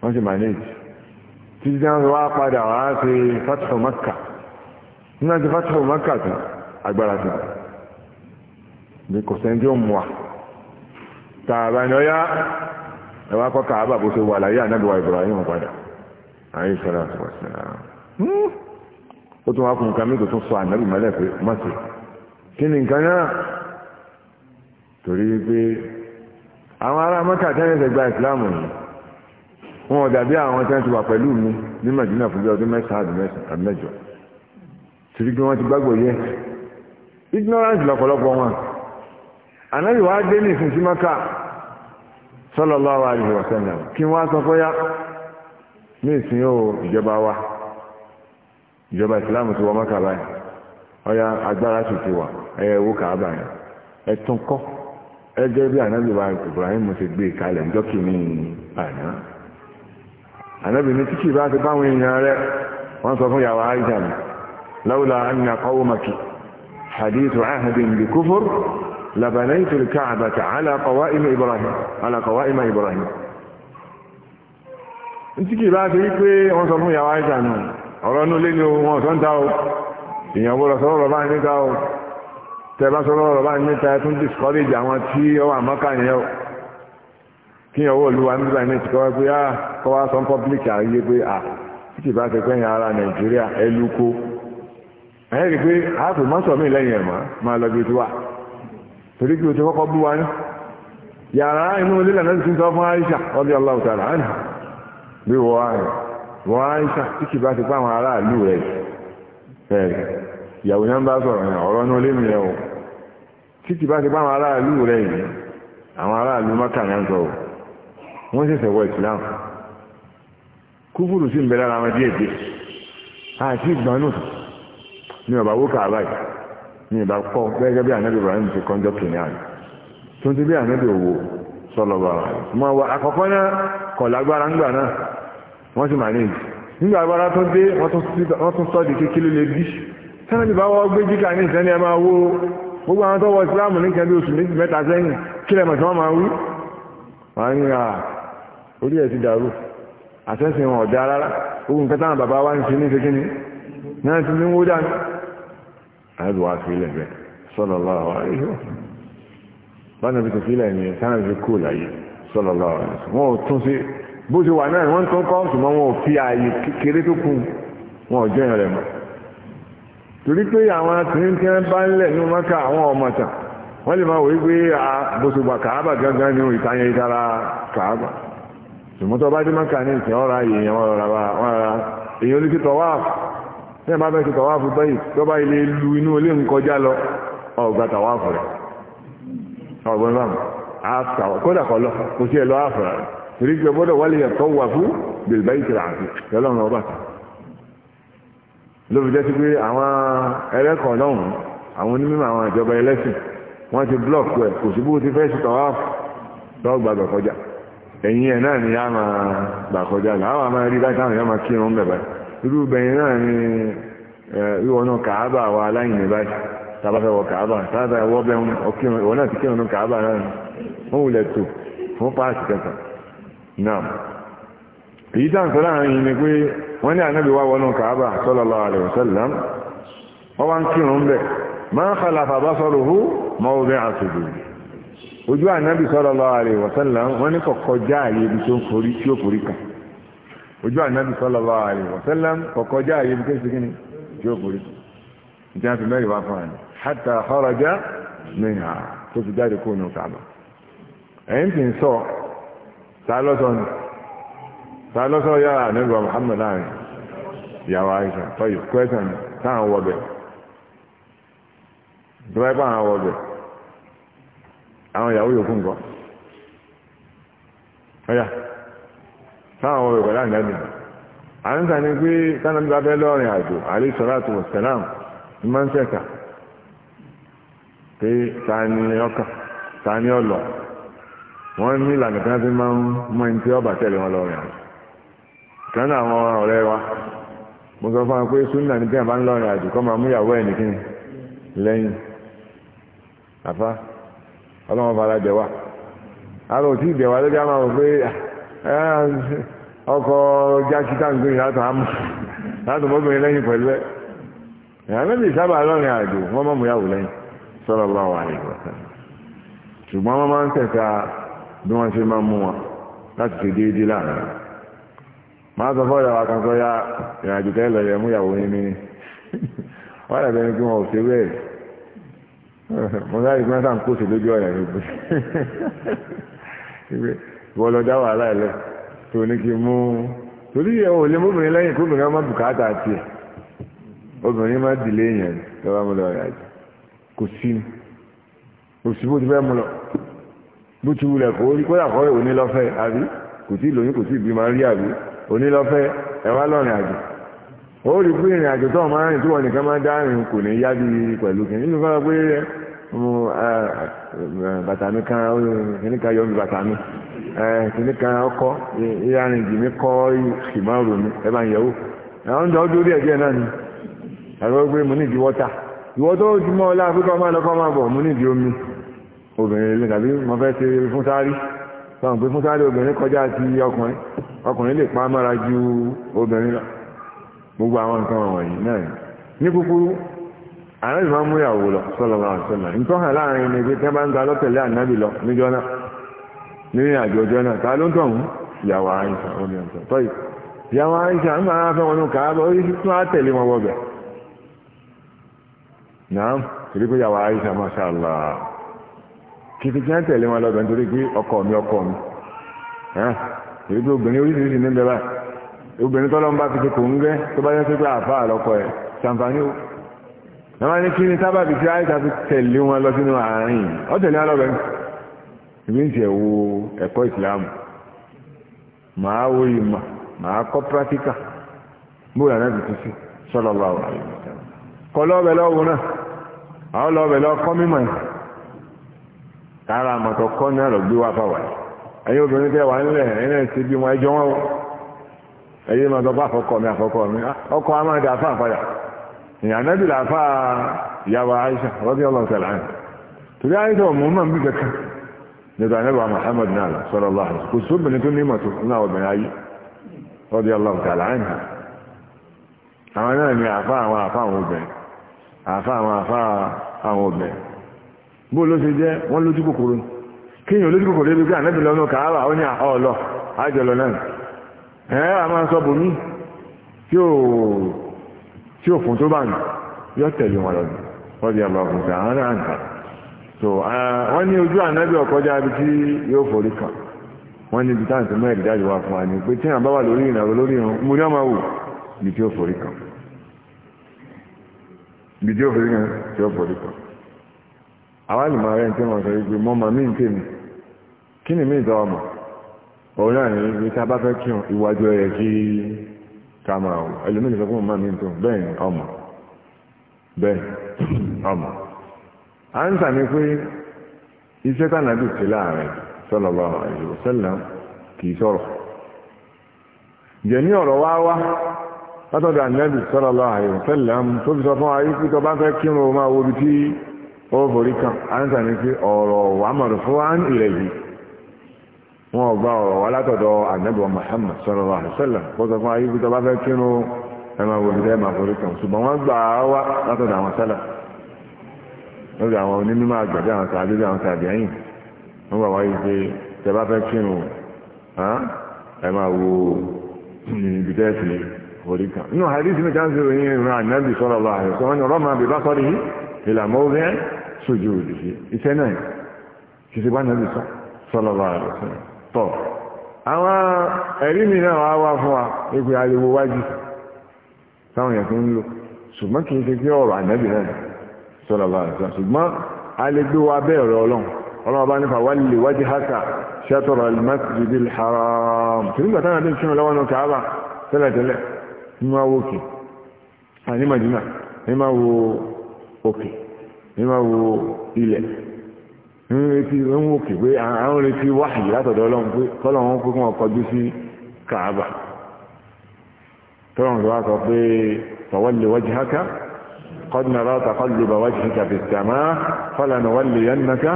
wọ́n sì manage títí tí wọ́n wá padà wá ṣe fatihu maka nígbà tí fatihu maka tán agbára tán ní kò sẹ́ńtì ó mú wa tààbà ni ọ̀yá ẹ wá kọ́ kàábà bó ṣe wà láyé ànábìwá Ibrahim padà àyè sọ́dọ̀ àti wọ́n sọ́dọ̀ ó tún wá fún nǹkan mẹ́tò tó sọ ànábì mọ́lẹ̀ pé má ṣe kí ni nǹkan náà torí pé àwọn ará mọ́kà tẹ́lẹ̀ tẹ́ ìsìláàmù yìí wọn ò dàbí àwọn tí wọ́n ti wà pẹ̀lú mi ní Madina fún bí ọdún mẹ́sàn-án àti mẹ́jọ torí pé wọ́n ti gbàgbọ́ yẹ ignorance lọ́pọ̀lọpọ̀ wọn ànábì wàá dé ní ìfúnṣí maka sallallahu alaihi wa sallam kí wọ́n á sọ fọ́yá ní ìsìn ó ìjọba wa ìjọba ìsìláàmù ti wọ maka báyìí ọ̀yà agbára sì ti wà ẹ̀yẹ owó kàábà yẹn ẹ̀tún kọ́ ẹgẹ́ bí ànábì wa Ibrahim ti gbé kalẹ̀ ńjọ́kì ní àná ànábì ní títí bá ti báwọn èèyàn rẹ̀ wọ́n sọ fún yàwó àìjà mi lọ́wọ́lá anna qawmaki hadithu ahadin bi kufur labanaitu alka'bata ala qawaim ibrahim ala qawaim ibrahim títí bá ti pé wọ́n sọ fún yàwó àìjà mi ọ̀rọ̀ nú lé ní wọn sọ ń ta o èèyàn bọ́lọ̀ sọ lọ́rọ̀ bá ń níta o tẹ bá sọ lọ́rọ̀ bá ń níta tún discourage àwọn tí ó wà mọ́kà yẹn o kí ọwọ́ olúwa nígbà ní ti kọ́wọ́ pé ah kọ́wọ́ sọ pọ́blíkì àríyé pé ah títí bá ti pẹ́yìn ara nàìjíríà ẹlúkó ẹ̀yẹ́ rí pé àápù mọ́sọ̀ mí lẹ́yìn ẹ̀mọ́ máa lọ bí tiwa torí kí o ti kọ́kọ́ bú wa ní yàrá inú ilé lànà ti sọ fún Aisha ọdí Allahu ta'ala àná bí wọ́n àrùn wọ́n Aisha títí bá ti pàwọn aráàlú rẹ̀ ẹ̀rì ìyàwó yẹn bá sọ̀rọ̀ yẹn ọ̀rọ̀ ní olé mi yẹn o títí bá ti pàwọn aráàlú rẹ̀ yìí àwọn aráàlú mọ́kà yẹn sọ̀rọ̀ wọ́n ṣẹ̀ṣẹ̀ wọ islam kúfùrù sí ń bẹ lára wọn díẹ̀ díẹ̀ àti ìgbàanù ní ọba wókà àbáyé ní ìbá kọ́ gẹ́gẹ́ bí ànábì ibrahim ti kọ́njọ́ kìnìún àná tó ń ti bí ànábì òwò sọlọ bàrà mọ àwọn àkọ́kọ́ náà kọ̀ lágbára ńgbà náà wọ́n sì máa ní ìdí nígbà agbára tó dé wọ́n tún sọ́ọ̀dì kékeré lè bí sẹ́nà ti bá wọ́n gbé jíkà ní ìsẹ́ni ẹ máa wó gbogbo àwọn tó wọ ìsìláàmù ní kẹ́bí oṣù méjì mẹ́ta sẹ́yìn kílẹ̀ mọ̀ tí wọ́n máa wí wọ́n á ní ah, orí ẹ̀ ti dàrú àtẹ́sìn wọn ọ̀dá rárá ogun kẹta àwọn bàbá wa ń ṣe ní kékeré náà ti ní wó dání àìbò wá sílẹ̀ bẹ́ẹ̀ sallallahu alaihi wa sallam báyìí náà fi sílẹ̀ ní sáà fi kú láyé sallallahu alaihi wa sallam wọn ò tún sí bó ṣe wà náà wọ́n tún kọ́ ṣùgbọ́n wọn ò fi ààyè kékeré tó kù wọn ò jẹ́yìn rẹ̀ torí pé àwọn tìǹtìǹ bá ń lẹ̀ ní mọ́ká àwọn ọmọ tàn wọ́n lè máa wòye pé àbòṣùgbà ah, kàábà gángan ní ìtayẹn ìtara kàábà ṣùgbọ́n bá dé mọ́kà ní ìsìn ọ̀rọ̀ ayé èèyàn wọn rọra wọn rọra èèyàn olú ti tọ̀wáàfù ní ẹ̀bá bẹ́ẹ̀ ti tọ̀wáàfù báyìí tó bá ilé lu inú ilé ń kọjá lọ ọ̀gbà tọ̀wáàfù rẹ̀ ọ̀gbọ́n bá mu àfà kódà kọ́ lọ kò sí ẹ̀ lọ àfà rẹ̀ torí pé gbọ́dọ̀ wálé yẹn tọ́ wà fún bèlbá yìí tìrà àti ọlọ́run ọba ta ló fi jẹ́ sí pé àwọn ẹlẹ́kọ̀ọ́ lọ́hùn àwọn onímọ̀ àwọn ìjọba ẹlẹ́sìn wọ́n ti blọ́ọ̀kù ẹ̀ kò sí bó ti fẹ́ sí tọ̀wáàfù lọ́gbàgbà kọjá ẹ̀yìn ẹ̀ náà ni yá máa gbà kọjá lọ àwọn máa rí báyìí táwọn yá máa kírun bẹ̀ báyìí irú bẹ̀yìn náà ni ìwọ̀nà kàábà wa aláìní báyìí tàbá fẹ́ wọ kàábà tàbá ẹwọ́ bẹ́ wọn náà ti kírun kàábà náà wọ́n wulẹ̀ tó fún páàsì kẹta náà èyí tá à ń sọ láàrin yìí ni pé wọ́n ní ànábì wá wọnú kàábà sallallahu alaihi wọ́n wá ojú ànábì sallallahu alaihi wasallam wọ́n ní kò kọjá àyè ibi tó ń forí tí ó forí kà ojú ànábì sallallahu alaihi wasallam kò kọjá àyè ibi tó ń forí kíni tí ó forí ìjà fi mẹ́rin wá fún àná hatta kharaja minha tó fi jáde kó nù kàbà ẹ̀yìn tí ń sọ ta lọ́sọ ni ta lọ́sọ yára ànábì Muhammad láàrin ìyàwó àìsàn tọ́yì kwẹ́sàn táwọn wọ àwọn ìyàwó yòókù nǹkan ọ̀yà sáwọn ọ̀rọ̀ ìpẹ̀lá ìgbàdì à ń sàn pé fẹ́ lọ́rin àjò ní máa ń pé ọkà ọlọ wọ́n ní ìlànà fi máa ń mọ ẹni tí wọn lọ́rin àjò kan náà àwọn ọ̀rẹ́ wa mo ọlọ́wọ́n fara jẹwa ara ò tí ì jẹwa lójú àmà pé ah, ọkọ̀ jákítà ń gbìyànjú látọ̀ àmà látọ̀ mọ́bìnrin lẹ́yìn pẹ̀lú ẹ̀ sábà lọ́rin àjò wọ́n múyàwó lẹ́yìn sọ́rọ̀ ṣùgbọ́n wọ́n máa ń tẹ̀ka bí wọ́n ṣe máa mú wọn láti ṣe déédéé máa sọ wa kan sọ ya ìrìnàjò tẹ́lẹ̀ yẹ múyàwó yín ní wọ́n mo sáré fún sáà ń kóòtù lójú ọ̀nà gbogbo ìwọ lọ dá wàhálà ẹ lẹ tó ní kí n mú torí ẹ ò lè mọ́bìnrin lẹ́yìn kó obìnrin ọmọ bùkátà tiẹ̀ obìnrin má dìlé yẹn lọ́wọ́ mo lọ rẹ̀ àjẹ́ kò sí ni kò sí bó ti fẹ́ mu lọ bó ti wulẹ̀ kó rí kódà kọ́ òní lọ́fẹ́ àbí kò tí ì lóyún kò tí ì bímọ rí àbí òní lọ́fẹ́ wá lọ́rìn àjẹ́ ó rí pé ìrìn àjò tó máa rìn tí wọ́n nìkan máa dá kò ní yá bí pẹ̀lú kìnnì nípa pé bàtà mi kan kan yọ mi bàtà mi kan ọkọ mi kọ́ ìmọ̀ràn mi ẹ bá ń yẹ̀wò àwọn ọjọ́ dórí ẹ̀jẹ̀ náà ni àgbà pé mo ní ìdí wọ́tà tó ti mọ́ ọlá àfikọ́ máa lọ́kọ́ máa bọ̀ mo ní ìdí omi obìnrin lè mo fẹ́ ṣe fún sáré fún sáré obìnrin gbogbo àwọn nǹkan wọ̀nyí náà ní kúkúrú àárẹ̀ ìmọ̀ amúyàwó lọ sallallahu alaihi wasallam nítorí hàn láàrin ní pé tẹ́bá ń lọ́tẹ̀lé ànábì lọ níjọ́ náà nínú àjọ ọjọ́ náà ta ló ń tọ̀hún ìyàwó àyíṣà ọ̀tọ̀ tọ́yì ìyàwó àyíṣà ń fẹ́ orí tún á tẹ̀lé wọn wọ́bẹ̀ náà torí pé ìyàwó àyíṣà kìkì kí á tẹ̀lé obìnrin tọ́lọ́ ń bá fi ṣe kò ń gẹ́ tó bá yẹ pé àfa àlọ́kọ̀ ẹ̀ ṣàǹfààní o wọ́n ní kí ni sábàbí tí àìsàn fi tẹ̀lé wọn lọ sínú àárín ọ tẹ̀lé alọ́bẹ̀ ìbí ń tiẹ̀ wo ẹ̀kọ́ ìsìlámù màá wo ìmọ̀ màá kọ́ pírátíkà bóyá náà tuntun sí sọ́lọ́lọ́ àwọn àyẹ̀wò kọ́ lọ́ọ̀bẹ̀ lọ́wọ́ náà àwọn lọ́ọ̀bẹ̀ lọ́ọ́ kọ́ mímọ̀ ẹ̀ tààrà àmọ̀tọ̀ kọ́ náà lọ gbé wá fáwọn ẹ̀yin obìnrin tẹ́ wà ńlẹ̀ ẹ̀ náà ti bí wọn ẹjọ́ wọn o. ẹ̀yẹ́ máa gbọ́ afọ mi àfọkọ mi ah, ọkọ a máa di ìyá anábì làáfà ìyàwó Aisha rọ́bì ọlọ́ọ̀tẹ̀lá ẹ̀ torí Aisha ọmọ mọ́ bí kẹta nígbà anábì Muhammad náà sọ̀rọ̀ aláhùn kò sóbìnrin tó ní mọ̀tò náà obìnrin ayé rọ́bì ọlọ́ọ̀tẹ̀lá ẹ̀ àwọn náà àwọn àwọn obìnrin àwọn àwọn obìnrin bó ló ṣe jẹ́ wọ́n lójú kòkòrò Ee, a máa sọ bòmí tí ò tí ò fún tó bá nù yọ tẹ̀lé wọn lọ di sí àwọn so wọ́n ní ojú ànábì ọ̀kọ́já ibi tí yóò forí kàn wọ́n ní ibi jáde fún wa ni pé tí àwọn bá wà lórí ìrìnàrò lórí ìrìn mo ní ọmọ wò ibi tí ó forí ibi tí ó forí tí ó forí tí wọ́n òun náà ní ibi tá bá fẹ́ kí ìwájú ẹ̀ kí ká máa wọ fún màmá mi tó bẹ́ẹ̀ ni ọmọ bẹ́ẹ̀ ọmọ ń ní pé iṣẹ́ láàrin kì í sọ̀rọ̀ ọ̀rọ̀ wá wá látọ̀dọ̀ ànábì tó fi sọ wọn ò gba ọ̀rọ̀ wá látọ̀dọ̀ ànábọ̀ Muhammad sallallahu alaihi wasallam kó sọ fún ayé bí tọba fẹ́ kírun ẹ máa wòlú dẹ́ máa forí kan ṣùgbọ́n wọ́n gbà á wá látọ̀dọ̀ àwọn sálà lórí àwọn onímọ̀ àgbàdì àwọn sàbí àwọn sàbí ẹ̀yìn wọ́n gbà wáyé pé tẹ́bá fẹ́ kírun ẹ máa wo ibi tẹ́ sí forí kan. inú hadith mi kan ṣe tọ̀ àwọn ẹ̀rí mi náà wá wá fún wa ipò ariwo wájú táwọn èèyàn tó ń lò ṣùgbọ́n kì í ṣe pé ọ̀rọ̀ ànábì náà sọ̀rọ̀ bá ṣe ṣùgbọ́n a lè gbé wa bẹ́ẹ̀ rẹ̀ ọlọ́run ọlọ́run bá nípa wà wájú ń retí ń wò kí pé àwọn retí wáyé látọ̀dọ̀ ọlọ́run pé kọ́lọ́run pé wọ́n kọjú sí kàábà tọ́lọ́run wá sọ pé fawalli wajhaka qad nara taqalluba wajhika fis samaa falanuwalliyannaka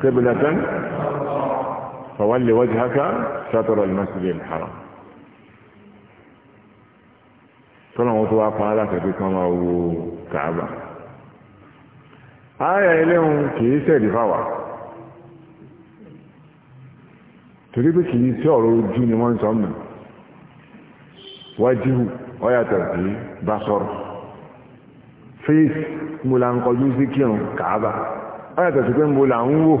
qiblatan fawalli wajhaka shatra al-masjid al-haram tọ́lọ́run tó wá pa á láti máa wo kàábà. ayà ilé ń kì í sẹ́ẹ̀dì fáwà torí pé kìí sí ọ̀rọ̀ ojú ni wọ́n ń sọ mọ̀ wájú ọ̀yàtọ̀ sí bá sọ̀rọ̀ fèsì mo là ń kọjú sí kírun kàába ọ̀yàtọ̀ sí pé mo là ń wò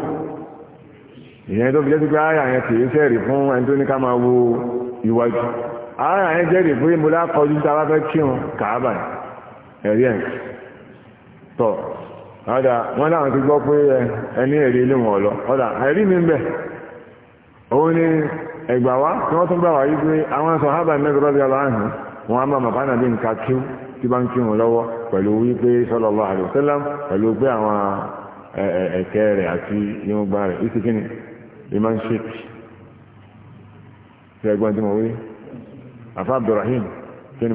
ìyẹn tó fi jẹ́ sí pé àyà yẹn kìí sẹ́rì fún ẹni tó ní ká máa wo ìwájú àyà yẹn jẹ́rìí pé mo kọjú sí abá fẹ́ kírun ẹ̀rí ẹ̀ tọ̀ ọ̀dà wọ́n láwọn ti gbọ́ pé ẹni èrè ilé wọn lọ ọ̀dà ẹ̀rí mi ń bẹ̀ òun ni ẹgbà wá tí wọ́n tún gbà wá yìí pé àwọn sàhábà mẹ́rin rọ́bì aláàánú wọn á máa màbá nàbí nǹkan kí tí bá ń kírun lọ́wọ́ pẹ̀lú wípé sallallahu alaihi wasallam pẹ̀lú pé àwọn ẹ̀kẹ́ rẹ̀ àti irungba rẹ̀ ìsì afa abdulrahim kí ni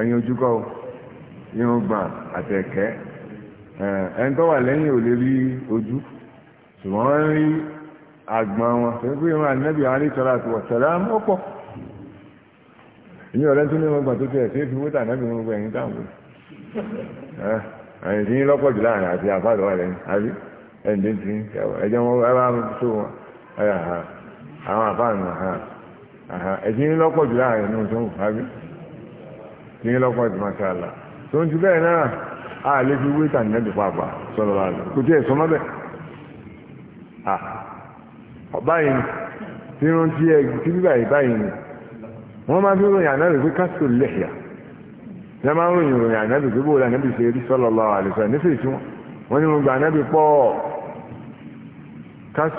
ẹ̀yìn ojúkọ́ irun gbà àtẹ̀kẹ́ ẹn tó wà lẹ́yìn ò lè rí ojú ṣùgbọ́n wọ́n rí àgbọ̀n wọn pẹ̀lú irun ànábì àárín sọ́ra àti wọ̀sẹ̀lá ó pọ̀ ìyẹn ọ̀rẹ́ tó ní irun gbà tó tẹ̀ ṣé fi wíta ànábì irun gbà ẹ̀yìn táwọn ẹ̀yìn tí ń lọ́pọ̀ jù láàrin àti àfáàdọ̀ wà lẹ́yìn àbí ẹ̀ǹdẹ́ ti ń ẹ̀jẹ̀ wọn ẹ̀ bá tó wọn àwọn àfáàdọ̀ ẹ̀jẹ̀ ń jù láàrin ní lọ́pọ̀ ìdìmọ̀sáàlá tó ń ti bẹ́ẹ̀ náà a lè fi wíta nẹ́bì pàápàá sọ̀rọ̀ àlọ́ kò tí ẹ̀ sọ mọ́bẹ̀ báyìí tí wọ́n ti ẹ̀ tí bíbà yìí báyìí ni wọ́n máa fi ròyìn ànábì pé lẹ́yà ní a máa ròyìn ròyìn ànábì pé bóòlù ànábì ṣe rí àlùfẹ́ nífẹ̀ẹ́ tí wọ́n ní mo gba ànábì pọ̀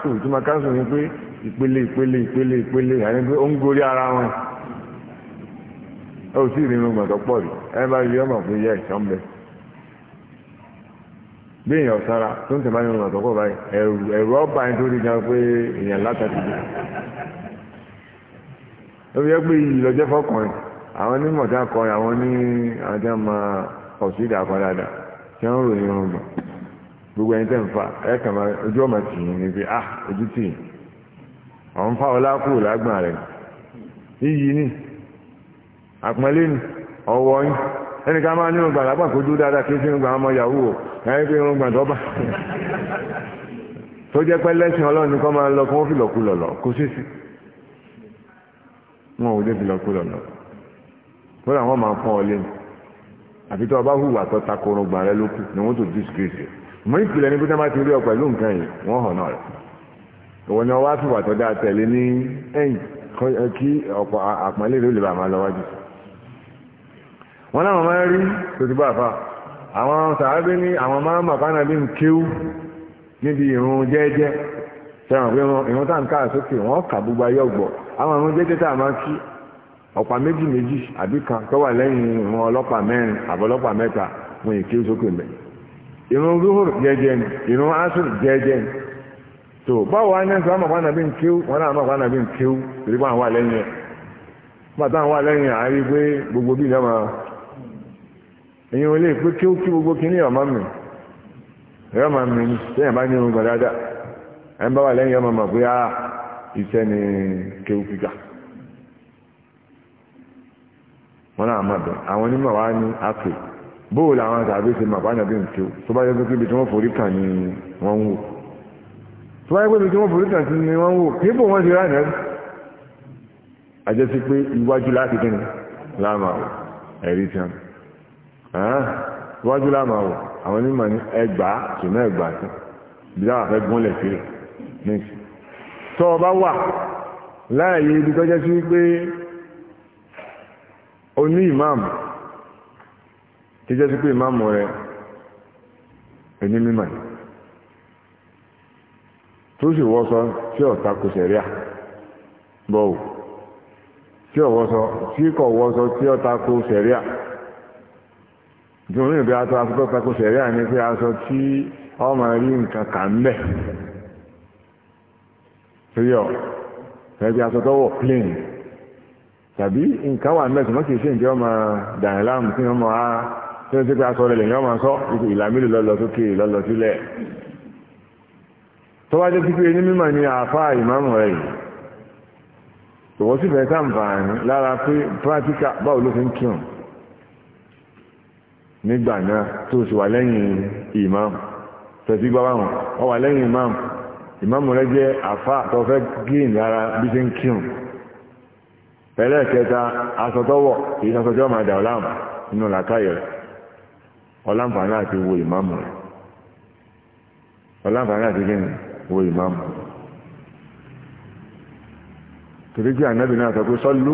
tí pé ìpele ìpele ìpele ẹ ò sì rí irun gbọ̀n tó pọ̀ rí ẹ bá rí ọmọ fún yẹ ẹ̀sán bẹ bí èèyàn sára tó ń tẹ̀lé irun gbọ̀n tó pọ̀ báyìí ẹ̀rù ẹ̀rù ọba ẹni tó rí gan pé èèyàn látàkì dé ó fi yẹ pé iyì lọ jẹ́ fọkùnrin àwọn onímọ̀ tá a kọrin àwọn ní àwọn tí wọ́n máa ọ̀sídà àpàdàdà tí wọ́n ń ròyìn irun gbọ̀n gbogbo ẹni tẹ́ ń fa ẹ kàn ojú ọmọ tì yín ni pé ah ojú tì yín àwọn ń fa ọlá kúrò lágbọ̀n rẹ̀ iyì ni. àpọ́nlé ni ọwọ́ yín ẹnì ká máa nínú gbàgbà pàkó dúró dáadáa kí sínú gbàgbà ọmọ yahoo ẹ̀ fi irun gbàgbà ọba tó jẹ́ pẹ́ lẹ́sìn ọlọ́run ní kọ́ máa lọ fún fìlọ̀kú lọ̀lọ̀ kó sí sí wọn ò dé fìlọ̀kú lọ̀lọ̀ làwọn máa pọ́n ọ àfi tó ni tó disgrace bá ti wọ́n láwọn máa rí tòtúbọ̀ àfà àwọn sàábé ní àwọn máa mà fánà bí n kéwú níbi ìrún jẹ́ẹ́jẹ́ sẹ́wọ̀n pé ìrún tá à ń ká sókè wọ́n kà gbogbo ayé ọ̀gbọ̀ àwọn ìrún jẹ́ẹ́jẹ́ tá a máa kí ọ̀pá méjì méjì àbí kan tó wà lẹ́yìn ìrún ọlọ́pàá mẹ́rin àbọ̀lọ́pàá mẹ́ta wọn ì sókè mẹ́ ìrún zuhur jẹ́ẹ́jẹ́ ni ìrún asur jẹ́ẹ́jẹ́ ni tó báwo wá ní ẹ̀sán àmọ̀ èyàn olè pé kí ó kí gbogbo kíní ọmọ mi ẹ̀rọ máa mi lẹ́yìn bá ní irun gbọ̀n dáadáa ẹ̀ ń bá wà lẹ́yìn ọmọ mọ̀ pé á iṣẹ́ ni kéwù kíkà wọn náà máa bẹ̀ àwọn onímọ̀ wá ní àpè bóòlù àwọn tàbí ṣe màbá nàbí nké tó bá yẹ pé kíbi tí wọ́n forí kàn ní wọ́n ń wò tó bá yẹ pé kíbi tí wọ́n forí kàn ní wọ́n ń wò kí bò wọ́n ti rà náà àjẹsí pé iwájú láti kí ni láàmà ẹ̀rí tí wọn wájú láàmà wò àwọn onímọ̀ ní ẹgbàá tùnú ẹgbàá tó bí dáwà fẹ́ gúnlẹ̀ sílẹ̀ níṣì tọ́ ọ bá wà láàyè ibi tó jẹ́ sí pé o ní ìmáàmù tó jẹ́ sí pé ìmáàmù rẹ ẹni mímọ̀ ni tó sì wọ́sọ tí ọ̀ta kò sẹ̀ríà bọ́ọ̀ tí ọ̀wọ́sọ tí kò wọ́sọ tí ọ̀ta kò sẹ̀ríà ìtumọ̀ nínú bí aṣọ aṣọ tako sẹ̀rí àní pé aṣọ tí ọmọ rí nǹkan kà ń bẹ̀ torí ọ ẹbí aṣọ tó wọ̀ plane tàbí nǹkan wà mẹ́sàn mọ́ kìí ṣe ǹjẹ́ ọmọ dàn láàmù tí wọ́n mọ̀ á tí wọ́n ti pé aṣọ rẹ̀ lèyìn ọmọ sọ ìlà mélòó lọ́lọ́ sókè lọ́lọ́ sílẹ̀ tó wá pípé ní mímọ̀ ni àáfàá ìmáàmù rẹ̀ yìí ìwọ́sífẹ̀ẹ́ sàǹfààní lára pé pírátíkà báwo ló fi ń nígbà náà tó sì wà lẹ́yìn imam tẹ̀sí gbọ́ báwọn ọ wà lẹ́yìn imam imam rẹ jẹ́ àfa tó fẹ́ gíìn lára bí ṣe ń kírun pẹ̀lẹ́ kẹta aṣọ tó wọ̀ èyí aṣọ tí wọ́n máa dà ọ́ láàmú nínú làákàyè àti wo imam rẹ̀ ọláǹfààní àti gíìn wo imam torí kí ànábì náà sọ pé sọ́lú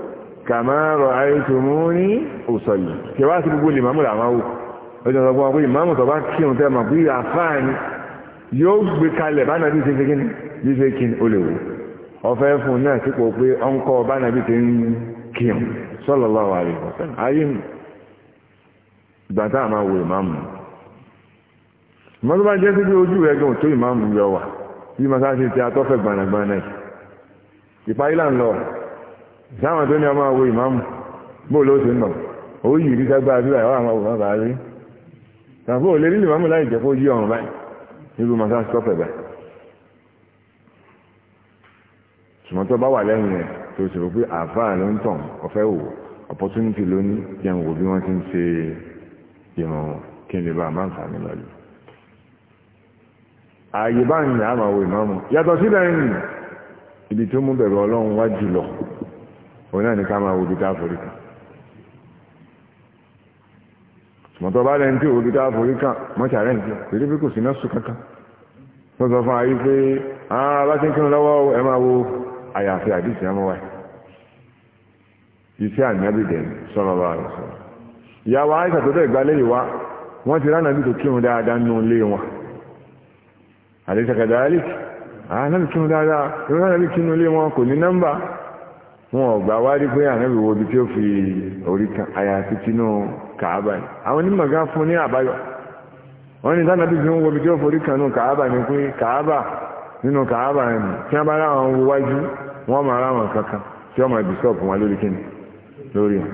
kàmá rọ̀ àìtò mú ní òsọ̀lì kí wá sí gbogbo lè mámù làmáwò ọjọ́ ọ̀sọ̀ gbọ́n pé ìmáàmù tó bá kírun tẹ́ mọ̀ pé àfáà ni yóò gbé kalẹ̀ bá nàbí ṣe kíni bí ṣe kíni ó lè wò ọfẹ́ fún náà sípò pé ọ̀nkọ́ bá nàbí ṣe ń kírun sallallahu alaihi wasallam ayé ìgbà tá a máa wo ìmáàmù mọ́tò bá jẹ́ sí pé ojú rẹ̀ gan tó ìmáàmù yọ wà bí mọ́tò sáwọn tó ní ọmọ àwọn ìmáàmù bóò ló ti ń bọ̀ ó yìí rí ságbá àdúrà ìwà àwọn ọmọ bàbá rí tàbí ò lè rí ìmáàmù láì jẹ́ kó yí ọ̀run báyìí níbi màsá sọ́pẹ̀ báyìí ṣùgbọ́n tó bá wà lẹ́yìn rẹ̀ tó sì rò pé àáfàá ló ń tàn ọ̀fẹ́ wò opportunity ló ní jẹun wò bí wọ́n ti ń ṣe ìrùn kí n lè bá àmà nfààní lọ́lẹ̀ ààyè báyìí ni àmà wo ìmáàmù yàtọ̀ síbẹ̀ ń ibi tó mú bẹ̀rù ọlọ́run wá jùlọ òun náà ní ká máa wo ibi tá a forí kan mọ̀tọ́ bá lẹ́ni tí wo ibi tá kan mọ́tì àrẹ́ nìkan pèlú pé kò sí náà sùn kankan wọ́n sọ fún ayé pé ah bá ti ń kírun lọ́wọ́ ẹ máa wo àyàfi àdìsí ẹ mọ́ wáyé iṣẹ́ ànábì dẹ̀ sọ̀rọ̀ bá rẹ̀ sọ̀rọ̀ ìyàwó àìsà tó dẹ̀ gbalẹ̀ ìwá wọ́n ti rán àbí tó kírun dáadáa nínú ilé wọn àdìsàkàdà alì ànábì kírun dáadáa ìrọ̀lẹ́ àbí kírun ilé wọn kò ní nọ́mbà wọn ò gbà wá rí pé ànábì wo ibi tí ó fi orí kan àyàfi tinú kàábà ni àwọn onímọ̀ gan fún ní àbáyọ wọn ní sànàbí fi ń wo ibi tí ó forí kan nù kàábà ni pé kàábà nínú kàábà ni tí wọn bá ráwọn wo wájú wọn máa ráwọn kankan tí wọn máa bìsọ̀pù wọn lórí kíni lórí ẹ̀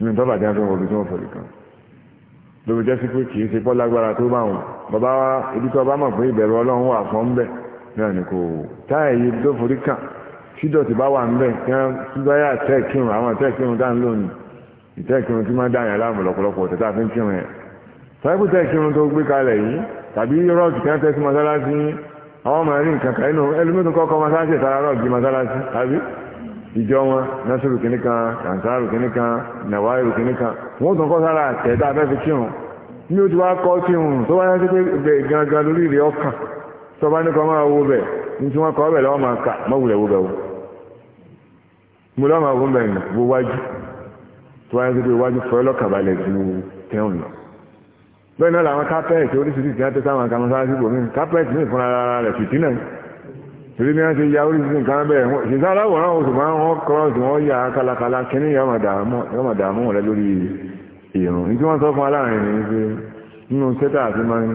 nínú tọ́ba tí wọn ibi tí wọn forí kan lóbi jẹ́ pé kì í ṣe pọ́ lágbára tó bá wọn bàbá ibi tí wọn bá mọ̀ pé ìbẹ̀rù ọlọ́run wà fún bẹ́ẹ̀ náà ni kò táyà yìí tó forí kan tídọ̀tì bá wà ń bẹ̀ kí wọ́n báyà àwọn tẹ́ẹ̀kírun dá ń lónìí ìtẹ́ẹ̀kírun tí máa ń dáyàn láàmú lọ́pọ̀lọpọ̀ tẹ́tà fi ń kírun yẹn. sáìpù tẹ́ẹ̀kírun tó gbé kalẹ̀ yìí tàbí rọ́ọ̀kì kí wọ́n tẹ́ sí mọ́sálásí àwọn máa rí nǹkan inú ẹlòmínú kọ́kọ́ mọ́sálásí ìtara rọ́ọ̀kì mọ́sálásí tàbí ìjọ wọn násìrù kìíní kan kàǹsàrù kìíní kan mo lọ́mọ àwọn bẹ̀rẹ̀ náà wo wájú tó wáyé pé wájú fọ́ ẹlọ́kàbalẹ̀ ju tẹ́hùn lọ bẹ́ẹ̀ náà làwọn kápẹ́ẹ̀tì oríṣiríṣi ti ń tẹ́ sáwọn àkàmọ́ sáájú bòmí kápẹ́ẹ̀tì ní ìfúnra ara rẹ̀ fìtí náà torí bí wọ́n ṣe ya oríṣiríṣi nǹkan bẹ́ẹ̀ ṣèṣá aláwòrán oṣù máa wọ́n kọ́ọ̀sì wọ́n yà á kálákálá kínní yọmọ dààmú rẹ lórí ìrùn ní tí wọ́n sọ fún aláàrin ní pé nínú sẹ́tà àti máa ń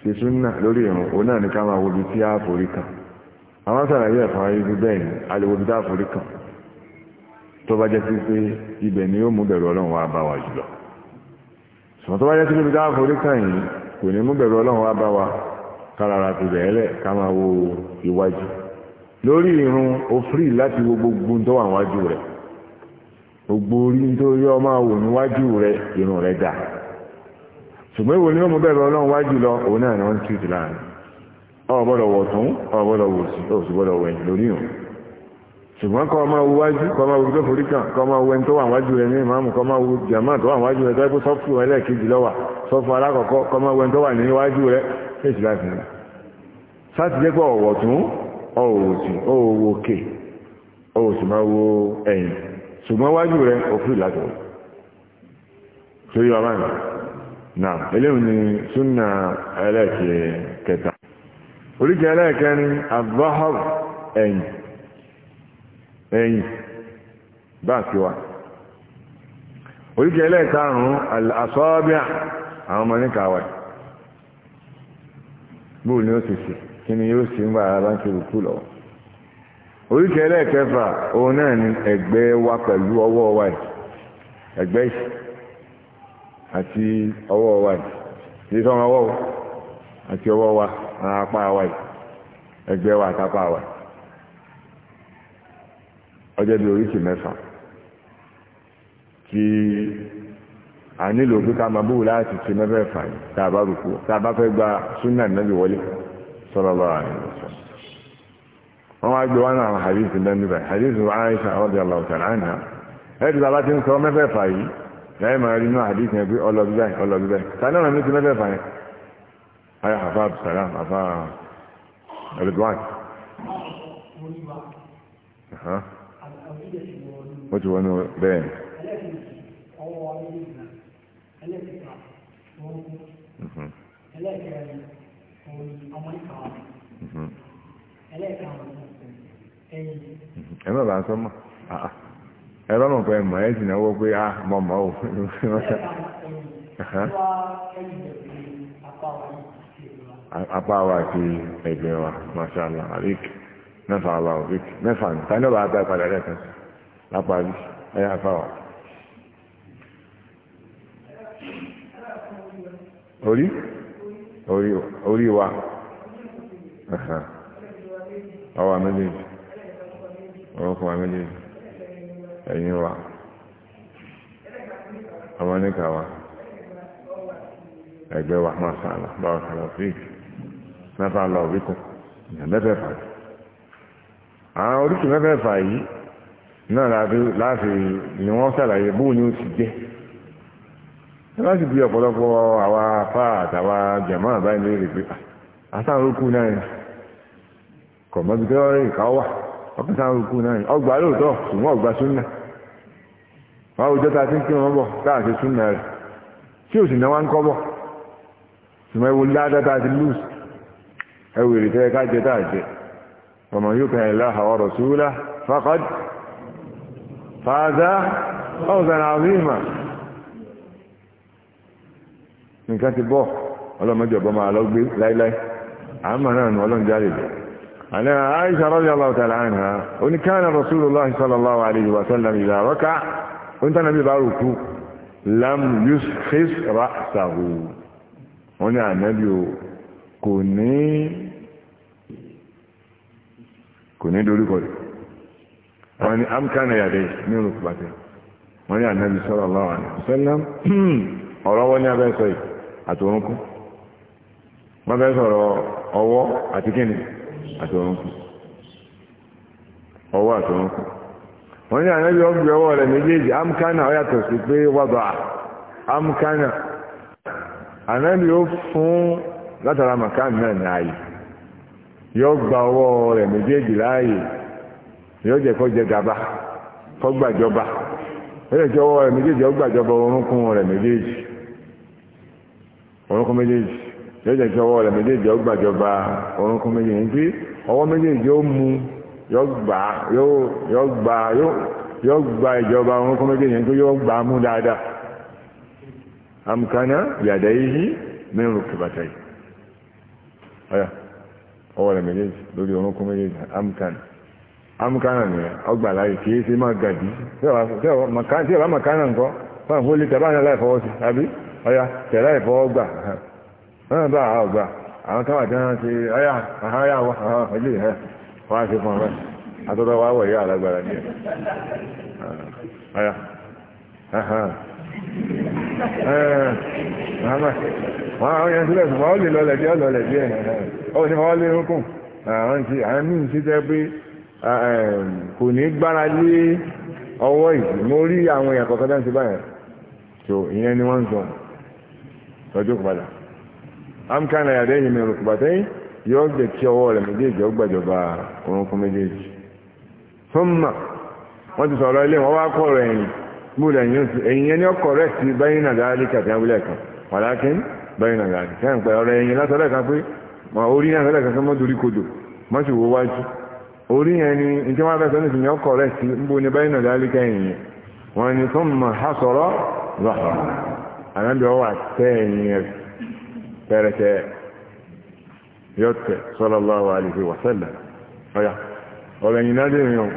ṣe súnà lórí náà ní máa wo ibi tí a forí kan àwọn sàlàyé ẹ̀fọn ayé bẹ́ẹ̀ ni tó bá jẹ́ sí pé ibẹ̀ ni ó mú bẹ̀rù ọlọ́run wá bá wa jùlọ ṣùgbọ́n tó bá jẹ́ sí pé dáhà forí kàn kò ní mú bẹ̀rù ọlọ́run wá bá wa kárara ti bẹ̀ẹ́lẹ̀ ká máa wo iwájú lórí irun ó fírì láti wo gbogbo tó wà wájú rẹ̀ gbogbo orí nítorí ọmọ àwò níwájú rẹ̀ irun rẹ̀ dà ṣùgbọ́n ìwò ni ó mú bẹ̀rù ọlọ́run wá jùlọ òun náà ni wọ́n ń tìtì láàrin ọ̀ gbọ́dọ̀ wọ̀ tún ọ̀ gbọ́dọ̀ wò sí ọ̀ sì gbọ́dọ̀ wẹ̀yìn lórí irun ṣùgbọ́n kọ́ ọmọ wájú kọ́ ọmọ kan kọ́ ọmọ tó wà wájú rẹ̀ ní ìmáàmù kọ́ ọmọ jàmá tó wà wájú rẹ̀ tó ẹgbẹ́ sọ́fù ẹlẹ́ẹ̀kejì lọ́wà sọ́fù alákọ̀ọ́kọ́ kọ́ ọmọ tó wà níwájú rẹ fèsì láti sátidé pọ̀ ọ̀wọ̀ tún ọ̀wọ̀tì ọ̀wọ̀tì máa wo ẹ̀yìn bá fi wá oríkẹ́ ẹlẹ́ẹ̀karùn àwọn ọmọ níkàwà ni ó ti sì kí ni yóò sì ń bá ara ń nke ukwu lọ́wọ́ ẹlẹ́ẹ̀kẹfà òun náà ni ẹ̀gbẹ́ wa pẹ̀lú ọwọ́ wa àti ọwọ́ wa yìí sọ́mọ ọwọ́ àti ọwọ́ wa apá wa ọjọ́ bí oríṣi mẹ́fà tí a nílò pé ká máa búwò láti ṣe mẹ́fẹ̀ẹ̀fà ní tàbá rúkú tàbá fẹ́ gba súnà nàbí wọlé sallallahu alaihi wasallam wọ́n wá gbé wọn àwọn hadith náà níbẹ̀ hadith wa Aisha radiyallahu ta'ala anha ẹ̀ẹ́dì bàbá ti ń sọ mẹ́fẹ̀ẹ̀fà yìí lẹ́yìn máa rí inú hadith yẹn pé ọlọ́bí báyìí ọlọ́bí báyìí ó ti wọnú bẹ́ẹ̀ ẹ má bàa sọ mọ́ ah, ah. ẹ bá mọ̀ pé mọ̀ ẹ sì náwó pé ah mọ̀ mọ̀ ò apá wa àti ẹgbẹ́ wa mashallah àríkì mẹ́fà wa àríkì mẹ́fà ní tani ọba àgbà ìpàdé rẹ̀ kan sí lápárí ẹ̀yà fáwà orí orí wa ọwà méjèèjì orúkọ wa méjèèjì ẹ̀yìn wa ọmọ níkà wa ẹgbẹ́ wa máa sàánà báwọn sàánà fíìkì mẹ́fà lọ wíkùn ìyàn mẹ́fẹ̀ẹ́fà àwọn oríkì mẹ́fẹ̀ẹ́fà yìí náà láti láti ni wọ́n ṣàlàyé bóun ni ó ti jẹ́ láti bí ọ̀pọ̀lọpọ̀ àwa afá àtàwa jẹ̀mọ́ àbáyé ní èrè pé ah, àtàrókù náà ni kọ̀mọ́bí tó rí ìka wà ọkùnrin àtàrókù náà ni ọgbà lóòótọ́ ṣùgbọ́n ọgbà súnà wọ́n àwùjọ ta ti ń kí wọn bọ̀ káàkiri súnà rẹ̀ tí ò sì náwó ń kọ́ bọ̀ ṣùgbọ́n ewu ládá tá ti lùs ẹwù èrè tẹ́ fàádá ọ̀gbọ̀n àríwá nǹkan ti bọ́ ọlọ́mọdé ọ̀bọ máa lọ gbé láíláí àmà náà nù ọlọ́njáde lọ àná àìsà radiyallahu ta'ala anha oníkàánà rasulullah sallallahu alayhi wa sallam ìlà rọ́ká onítànàbí bá rùkú lam yuskhis ra'sahu wọ́n ní ànábì o kò ní kò ní dorí kọ̀dọ̀ wọ́n ní amkana yàdé ní olùkùbàtẹ́ wọ́n ní ànábi sallallahu alaihi wasallam ọ̀rọ̀ Wọn ní abẹ́ sọ yìí àtòrúnkú wọ́n sọ̀rọ̀ ọwọ́ àti kíni àtòrúnkú ọwọ́ àtòrúnkú wọ́n ọwọ́ rẹ̀ méjèèjì amkana ó sí pé wàdọ̀ amkana ànábi ó fún látara màkà náà ààyè yóò gba ọwọ́ rẹ̀ méjèèjì láàyè yóò jẹ́ jẹ gàba kó gbàjọba ó lè jẹ́ méjèèjì ó gbàjọba orúnkún méjèèjì orúnkún méjèèjì yóò jẹ́ kí ọwọ́ rẹ̀ méjèèjì ó gbàjọba méjèèjì ní pé méjèèjì ó mú yóò gba ìjọba orúnkún méjèèjì ní yóò gbà mú dáadáa amkana yàdá yìí mẹ́rin òkè yìí ọwọ́ rẹ̀ méjèèjì lórí orúnkún méjèèjì amkana. amukana ni ọgbà láyé kìí ṣe máa gàdí tí ọba makana nǹkan fún àwọn olè tẹ̀lé àyànlá ìfọwọ́ sí àbí ọya tẹ̀lé ìfọwọ́ gbà ọ̀nà bá àwọn ọgbà àwọn káwà tí wọ́n ṣe ọya àháyà wà ọjọ́ ìhẹ́ wọ́n ọ lè lọlẹ̀ díẹ̀ lọlẹ̀ ní kò ní gbára lé ọwọ́ ìdí mo rí àwọn èèyàn kọ̀ọ̀kan dáńtí báyẹn tó ìyẹn ni wọ́n ń sọ tọ́jú padà amkana yàrá èyí mi rò kùbàtẹ́yìn yóò ọwọ kí ọwọ́ rẹ̀ méjèèjì ó gbàjọba orúnkún méjèèjì wọ́n ti sọ̀rọ̀ ilé wọn wá kọ̀rọ̀ ẹ̀yìn ẹ̀yìn orí yẹn ni ní tí wọ́n fẹ́ sọ ní ìsìnkú ọkọ̀ rẹ̀ sí níbo ni báyìí nàdá wọ́n ni tó mọ̀ ha sọ̀rọ̀ ọwọ́ pẹ̀rẹ̀tẹ̀ wọ́n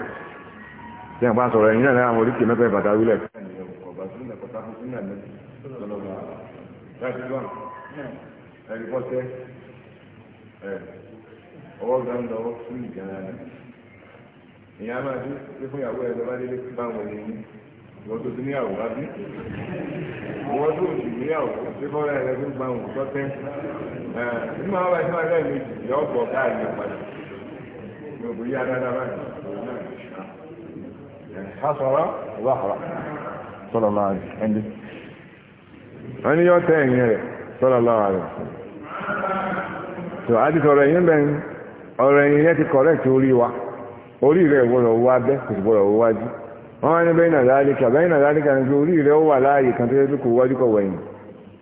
ìyá máa dé pé fún ìyàwó bá bá wọn ní tó ti níyàwó bí tó níyàwó pé tó tó tẹ́ nígbà wọn bá máa yọ ọ̀pọ̀ dáadáa báyìí. ẹni ẹ̀yìn tó a ti sọ̀rọ̀ ẹ̀yìn bẹ́ẹ̀ ọ̀rọ̀ ẹ̀yìn yẹn ti wa. oríire rẹ̀ gbọ́dọ̀ wá bẹ́ kò sì gbọ́dọ̀ wájú wọ́n wá ní bẹ́ẹ̀ náà láríkà láríkà ní orí rẹ̀ ó wà láàyè kan tó yẹ kó wájú kọ̀ wẹ̀yìn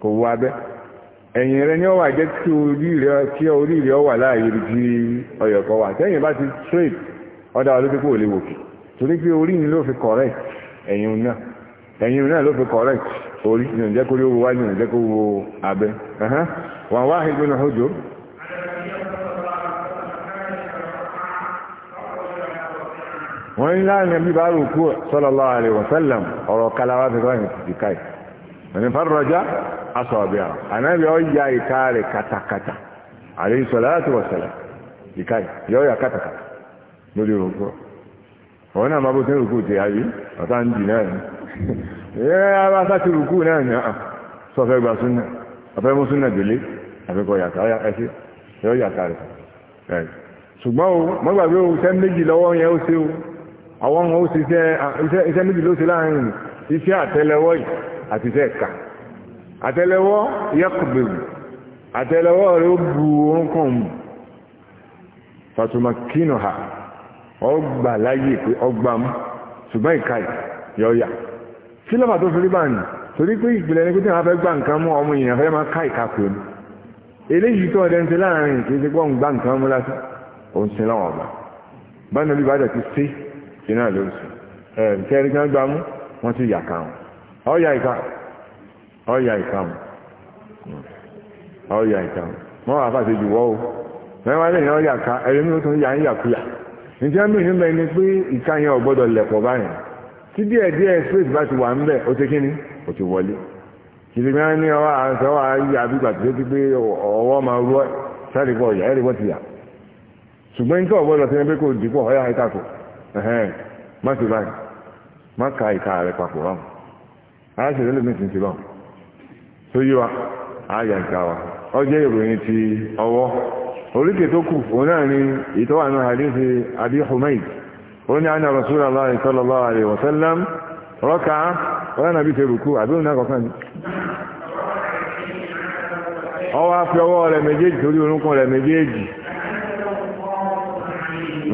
kò wá bẹ́ ẹ̀yìn rẹ̀ ní ọwà jẹ́ kí orí rẹ̀ ó wà láàyè ju wà tẹ́yìn bá straight ọ̀dà torí pé orí ni ló fi correct ẹ̀yìn náà ẹ̀yìn náà ló fi correct orí ni jẹ́ kó rí owó wájú jẹ́ kó wo wọ́n ní láàrin bí bá rúkú sallallahu alaihi wasallam ọ̀rọ̀ kalawa fi kọ́yìn ti káì ẹni fárọjá aṣọ ọ̀bẹ̀ àwọn anábì ọ ya ìka rẹ̀ katakata alaihi salatu wasallam ìkáì yọ ya katakata lórí rúkú wọ́n náà máa bó sínú rúkú ti ayé ọ̀tá ń dì náà ni ẹ̀ẹ́ abá sá ti rúkú náà ni ah, sọfẹ́ gba súnà ṣùgbọ́n o mọ́gbàgbé o sẹ́ méjì lọ́wọ́ yẹn ó ṣe o àwọn ọmọ ó ṣiṣẹ́ iṣẹ́ méjì ló ṣe láàrin iṣẹ́ àtẹ́lẹwọ́ àti iṣẹ́ ẹ̀ka àtẹ́lẹwọ́ yẹ́kùbẹ̀rù àtẹ́lẹwọ́ rẹ̀ ó bu orúnkún mu fatuma kínú ha ọgbà láyé pé ọgbà mú ṣùgbọ́n ìka yọ̀ọ̀yà kí lọ́fà tó fi rí báyìí torí pé ìpìlẹ̀ ní pé tí wọ́n fẹ́ gbà nǹkan mú ọmọ èèyàn fẹ́ máa ká ìkàkùn mi eléyìí tó ọdẹ ń ṣe láàrin kì í ṣe pọ́n gbà nǹkan mú lásán òun ṣe láwọn ọ̀gbà bá nàbí bá dẹ̀ ti ṣe iná ló ń sùn kẹrin kan gbà mú wọn ti yà ọ yà ìka ọ ya ìka ọ yà ìka mọ àfàṣe jù wọ o wọn wá ọ ya ká ẹlẹmi ó tún yà ń yàkuyà ǹjẹ́ mi ya ni pé ìka yẹn ò báyìí tí space bá ti má ṣe báyìí má ka ìka rẹ papọ̀ báwọn aláṣẹ lómi ti ń ti báwọn tó yí wa àyà ìka wa ọjọ́ ìròyìn ti ọwọ́ oríkè tó kù òun náà ni ìtọ́wà náà hadithi Abi Humayd ó ní àná Rasulullah sallallahu alaihi wa sallam rọ́kà wọ́n náà bí ṣe rùkú àbí òun náà kọ̀ọ̀kan ni ọwọ́ á fi ọwọ́ rẹ̀ méjèèjì torí orúnkún rẹ̀ méjèèjì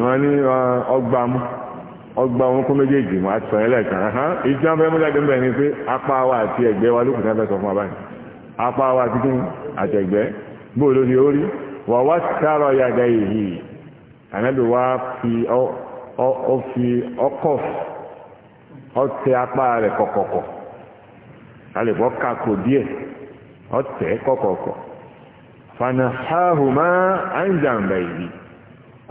wọ́n ní ah, ọgbà mú ọgbà orúnkún méjèèjì wọn àti sọ̀rọ̀ ìjọ afẹ́ ni pé apá wa àti ẹ̀gbẹ́ wa ló kù fẹ́ sọ fún apá wa àti kíni àti ẹ̀gbẹ́ ló ní orí wà wá fi ọ fi ọkọ̀ ọtẹ apá rẹ̀ kọ̀kọ̀kọ̀ kakò díẹ̀ ọtẹ kọ̀kọ̀kọ̀ fanahahuma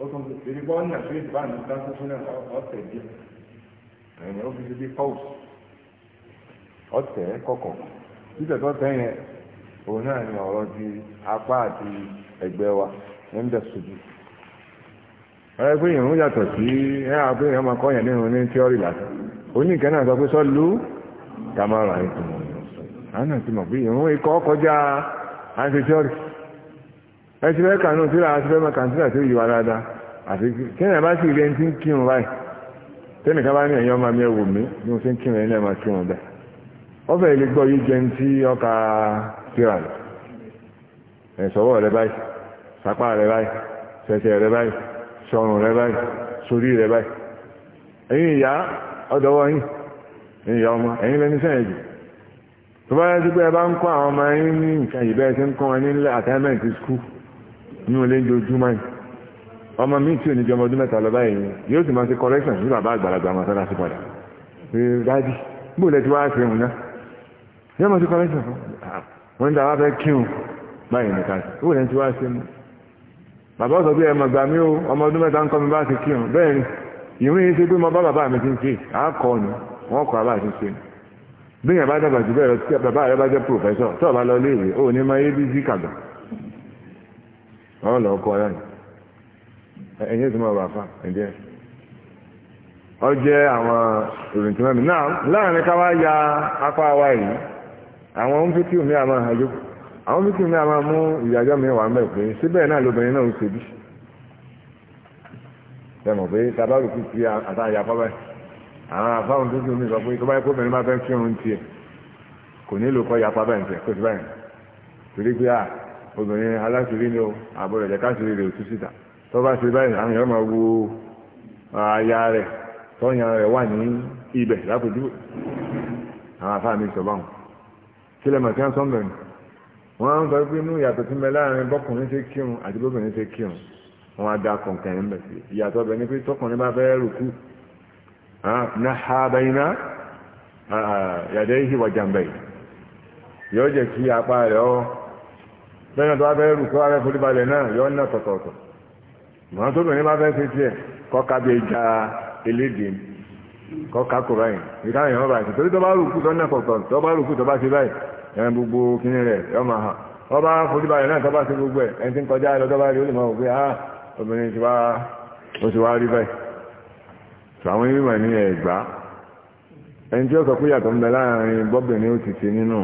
ó nke fi ṣe bí bọ́ọ̀nà tó yẹ bá nǹkan tó fún náà ọ̀tẹ̀ díẹ̀ ẹ̀yìn ó fi ṣe bí pọ́ùs ọ̀tẹ̀ kọ̀kọ̀ títẹ̀ ni ọ̀rọ̀ di apá àti ẹgbẹ́ wa ń bẹ̀ sojú ọ̀rẹ́ pé ìrún yàtọ̀ sí ẹ̀ àpé ìyá máa kọ́yàn nínú ní tíọ́rì lásán oníkẹ́ náà sọ pé sọ́lú kàmáàrà ètò àwọn àti mọ̀ pé ìrún ikọ̀ kọjá àti ẹtì fẹ́ kànú tí ra fẹ́ máa kàntínà tí ó yí wa dáadáa àti kẹ́nìyà bá sì rí ẹni tí ń kírun báyìí tẹ́nìkan bá ní ẹ̀yọ́ máa mi ẹ̀wò mi bí mo ṣe ń kírun ẹni ẹ̀ máa kírun bẹ́ẹ̀ ó fẹ́ lè gbọ́ yìí jẹun tí ọkà síra lọ ẹ̀sọ́wọ́ rẹ báyìí sapá rẹ báyìí sẹ̀sẹ̀ rẹ báyìí sọrùn rẹ báyìí sórí rẹ báyìí ẹ̀yin tó bá yẹ kí ẹ bá ń kọ́ àwọn ọmọ yín ní nǹkan ìbẹ́ẹ̀ tí ń kọ́ wọn ní assignment school ní olè ń dojúmọ́ yìí ọmọ mi tí ò ní jọmọ ọdún mẹ́ta lọ báyìí yóò sì máa ṣe correction ní bàbá àgbàlagbà mọ́sálásí padà ṣe dájú bó lẹ ti wá ṣe òun náà yóò máa ṣe correction fún wọn ní tàwa fẹ́ kírun báyìí nìkan bó lẹ ti wá ṣe mú bàbá ọ̀sọ̀ bí ẹmọ gbà mí o ọmọ ọdún mẹ́ta ń kọ́ mi bá ṣe kírun bẹ́ẹ̀ ni ìwé yìí ṣe pé mo bá bàbá mi ti ń ṣe àákọ́ ni wọ́n kọ́ àbá ti ṣe ni bí professor tó o bá o ní máa yé bí wọ́n lọ kọ́ ẹ̀yìn tó máa bà fà ọ e, jẹ́ àwọn ìròyìn tí wọ́n mi náà láàrin ká wá ya apá wa yìí àwọn fíkì mi àmọ́ àjò àwọn fíkì mi mú mi wà mẹ́ pé síbẹ̀ náà lóbìnrin náà ń ṣe bí mọ̀ pé tabaru ya àwọn afáwọn fíkì mi sọ pé tó báyìí kó obìnrin bá fẹ́ fi irun tiẹ̀ kò obìnrin aláṣìírí ni ó àbúrò ẹ̀jẹ̀ rẹ̀ òtún síta tó bá ṣe báyìí àwọn èèyàn máa wo aya rẹ̀ tọ́yàn rẹ̀ wà ní ibẹ̀ lápòjúwe àwọn afá mi sọ báwọn sílẹ̀ màtí wọ́n sọ́mbẹ̀ ni wọ́n ń sọ inú ìyàtọ̀ tí ń láàrin bọ́kùnrin ṣe kírun àti bóbìnrin ṣe kírun wọ́n á da kọ̀ǹkàn ń bẹ̀ sí ìyàtọ̀ bẹ̀ ni pé tọkùnrin bá fẹ́ rùkú náà bẹ́yìnà yàdẹ́ ìhìwà jàǹbẹ̀ yóò jẹ́ kí apá rẹ̀ ọ́ lẹ́yìn tó bá fẹ́ rù tó bá fẹ́ foríbalẹ̀ náà yọ ọ́nà tọ̀tọ̀tọ̀ màá tó bìnrin bá fẹ́ ṣe tiẹ̀ kọ́ka bí ìjà elédè kọ́ka kura yìí ìka yìí wọ́n bá ṣe torí tó bá rù kú tó ọ́nà tọ̀tọ̀ tó bá rù kú tó bá ṣe báyìí ẹ̀yìn gbogbo kíní rẹ̀ yọ máa hàn wọ́n bá foríbalẹ̀ náà tó bá ṣe gbogbo ẹ̀ ẹni tí ń kọjá lọ tó bá rí ó lè máa wò pé ah obìnrin ti wá ó ti wá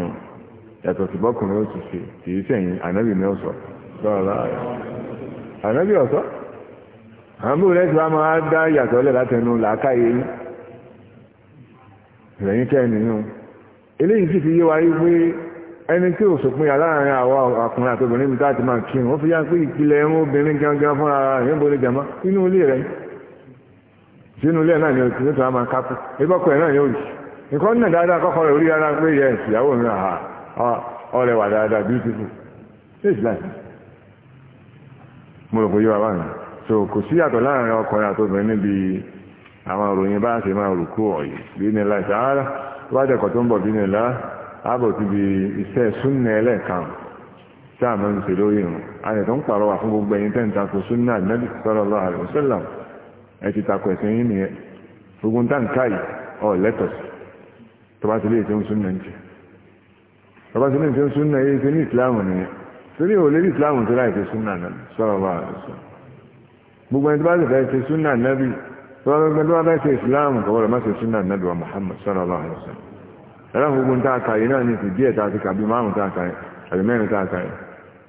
yàtọ̀ sí bọ́kùnrin ó ti ṣe kì í sẹ́yìn ànábì ní ọ̀sọ̀ sọ́ọ̀lá ànábì ọ̀sọ̀ àwọn bóòlù ẹ̀sìn wa máa dá yàtọ̀ lẹ̀ látẹnu làákàyè yín lẹ́yìn kẹ́ni yún eléyìí sì fi yé wa yí pé ẹni tí sòpin aláàárín àwa ọkùnrin àti obìnrin mi táàtì fi yá pé ìpìlẹ̀ obìnrin rẹ̀ jàmá inú ilé rẹ̀ sínú ilé náà ni o ti ní tòun á máa kápẹ́ ìbọ̀kọ̀ ẹ̀ náà nǹkan náà dáadáa kọ́kọ́ rẹ̀ orí ara ọ̀rẹ́ wà dáadáa beautiful mo rò so kò sí yàtọ̀ láàrin ọkùnrin àtòbìnrin níbi àwọn òròyìn bá ṣe máa rùkú ọ̀yí bí ní láti ara wádẹ́kọ̀ tó ń bọ̀ bí ní lá ààbò ti bí iṣẹ́ súnnà ẹlẹ́ẹ̀kan ń ṣe lórí àyẹ̀ tó ń fún gbogbo tẹ́ ń takò súnnà ẹ ti takò ẹ̀sìn yín bàbá sínú ìṣe súnà yìí ṣe ni ìsìláàmù nìyẹn torí ò lè rí ìsìláàmù tó láì ṣe súnà a sọ gbogbo ẹni tó bá sì fẹ́ ṣe súnà nabi tó bá gbogbo ẹni tó bá fẹ́ ṣe ìsìláàmù kò wọ́n má ṣe súnà nàbì wa Muhammad sọ̀rọ̀ na a sọ ẹ̀rọ ta ń tàkà yìí náà ní ti díẹ̀ tá a ti kàbí márùn tàkà yìí àbí mẹ́rin tàkà yìí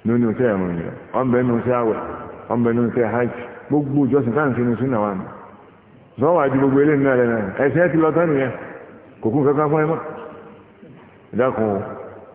lónìí oṣù ẹ̀rùn yìí ọ̀nbẹ ní oṣù àwẹ̀ ọ̀nbẹ ní oṣù hajj gbogbo ìjọsìn táà wa nù gbogbo ti kankan fún ẹ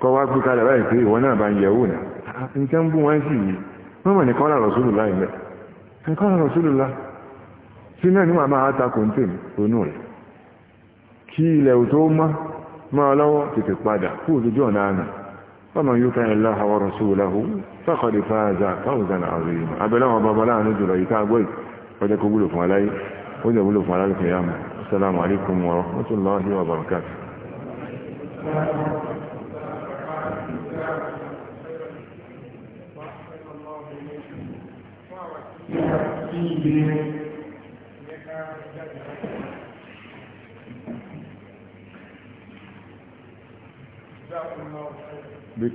kọ́ wá gbé kalẹ̀ báyìí pé ìwọ náà bá ń yẹ̀wò náà nǹkan ń bú wọn sì yìí wọ́n mọ̀ ní kọ́lá rọ̀súlùlá ìgbẹ́ ní kọ́lá rọ̀súlùlá sí náà níwọ̀n máa ta kòńtè ronú rẹ̀ kí ilẹ̀ ò tó na máa lọ́wọ́ tètè padà kú òdojú ọ̀nà àná fọ́mọ yóò alaikum wa bí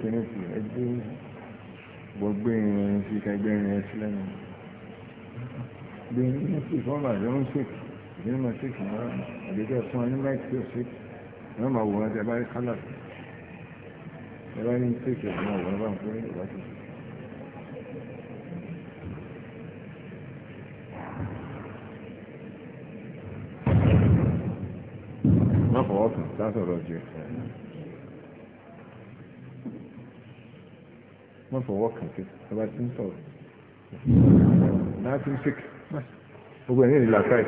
kìíní sí ẹgbẹ́ gbogbo ìrìn sí kẹgbẹ́ ìrìn sí lẹ́nu bí ní sí fọ́nà yóò ń sèkì ìdí mọ̀ sèkì náà àdéjọ́ fún ọ ní mẹ́tì ò sèkì wọ́n máa wò wọ́n tẹ báyìí kálà sí ẹ̀rọ ní fèkì ọ̀gbọ́n ọ̀gbọ́n bá ń pè é ìwà tuntun. má fọwọ́ kàn lásọ̀rọ̀ jù má fọwọ́ kàn sí ẹ bá ń sọ̀rọ̀ láti ń fèkì gbogbo ẹ̀ ní ìlú làkàì.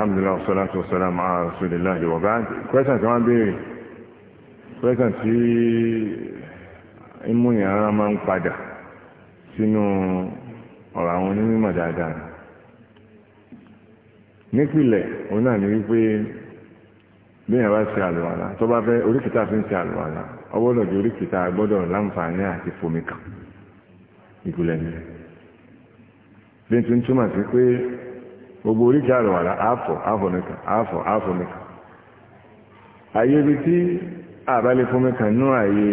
alhamdulillah ọsọla wassalamu ọsọla rasulillahi wa ba'd kwẹ́sàn tí wọ́n beere question tí ìmúyàn ara ma n pada sínú ọ̀rọ̀ àwọn onímọ̀ dáadáa nípìnlẹ̀ òun náà wípé bíyàn bá ṣe tó bá fẹ́ oríkìtà fi ń ṣe àlùwàlá ọgbọ́dọ̀ di oríkìtà gbọ́dọ̀ láǹfààní àti fomi kan n gbogbo oríkì àlùwàlà àfọ̀ àfọ̀ nìkan àfọ̀ àfọ̀ nìkan àyè ibi tí àbálẹ̀ fún mi kan nú àyè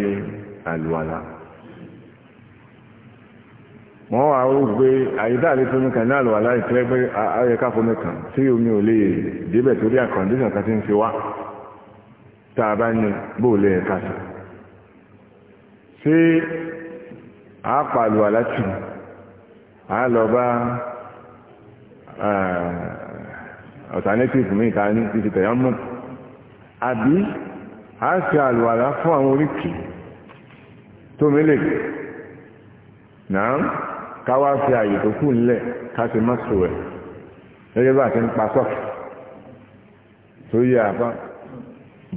àlùwàlà wọ́n wà ó gbé àyíká àlè fún mi kan ní àlùwàlà ìpínlẹ̀ pé ayẹká fún mi kan tí omi ò lè débẹ̀ torí àkọ́ndíṣàn kan ti ń fi wá tá a bá ní bóòlù ẹ̀ka sí ṣé àápàlùwàlà tì á lọ bá. Eh, alternative mi ta ní ti tẹ̀yà mọ́ àbí a ṣe àlùwàlá fún àwọn oríkì tó mẹ́lẹ̀ náà káwá fi àyè tó kù ńlẹ̀ ká ti má sọ ẹ̀ gẹ́gẹ́ bá ti ń pa sọ́ọ̀kì tó yẹ àbá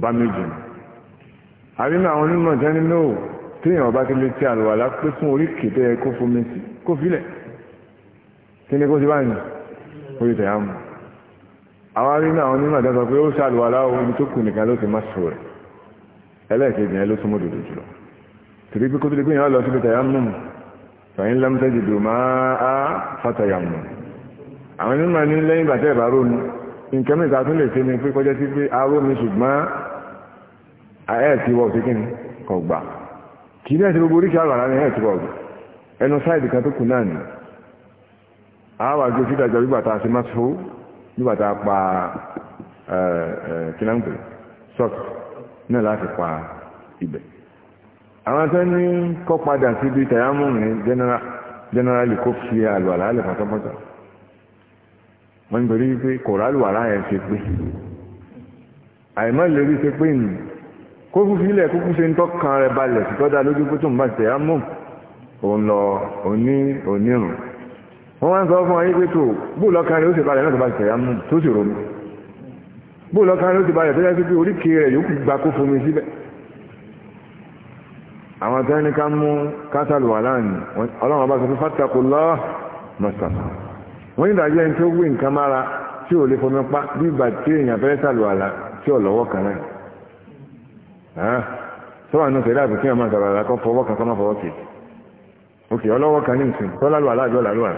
bá méjì àbí náà àwọn onímọ̀ jẹ́ni náà téèyàn ọba ti lè ti àlùwàlá pé fún oríkì tó yẹ kó fomi sí kó filẹ̀ kí ni kó ti bá yìí orí tẹ̀yà mú àwọn arí náà onímọ̀ ìdájọ́ pé ó ṣàlùwà láwọn omi tó kù nìkan ló ti má sọ rẹ̀ ẹlẹ́ẹ̀kejì yẹn ló súnmọ́ dòdò jùlọ torí pé kó tó lè pé yẹn lọ síbi tẹ̀yà mú fàyín lámúsẹ́jì dò máa á fàtàyà mú àwọn onímọ̀ ní lẹ́yìn bàtẹ́ ìbáró ni nǹkan mẹ́ta tún lè ṣe ni pé kọjá sí pé aró mi ṣùgbọ́n ẹ̀ ti wọ̀ sí kíni àwa gbé sí ìdájọ́ nígbà tá a ṣe mọ́sífò nígbà tá a pa kìláǹpì sọ́ọ̀tù náà láti pa ibẹ̀ àwọn tó ní kọ́ padà síbi tàyámù ní generally kó fi àlùwàlá lẹ̀ pátápátá wọ́n ń torí pé kò rálùwàlá yẹn ṣe pé àìmọ́ lè rí ṣe pé nù kó fífi ilẹ̀ kúkú ṣe ń tọ́kàn rẹ̀ balẹ̀ sí tọ́da lójú pé tó ń bá tẹ̀yámù òun lọ òní ònírùn wọ́n wá ń sọ fún ọ yí pé tó bóòlù ọkàn rẹ̀ ó sì balẹ̀ náà tó bá tẹ̀yà mú tó sì romú bóòlù ọkàn rẹ̀ ó sì balẹ̀ tó yẹ sí pé oríkèé rẹ̀ yóò gba kó fomi síbẹ̀ àwọn tẹ́ ní ká mú kátàlù wà láàrin ọlọ́run ọba sọ fún fàtàkùlọ́ mọ̀sàmà wọ́n ní ìdájọ́ ẹni tó wí nǹkan mára tí ò lè fomi pa bí ìgbà tí èèyàn fẹ́ sàlù àlà tí ò lọ́wọ́ kan náà sọ́wọ́ àná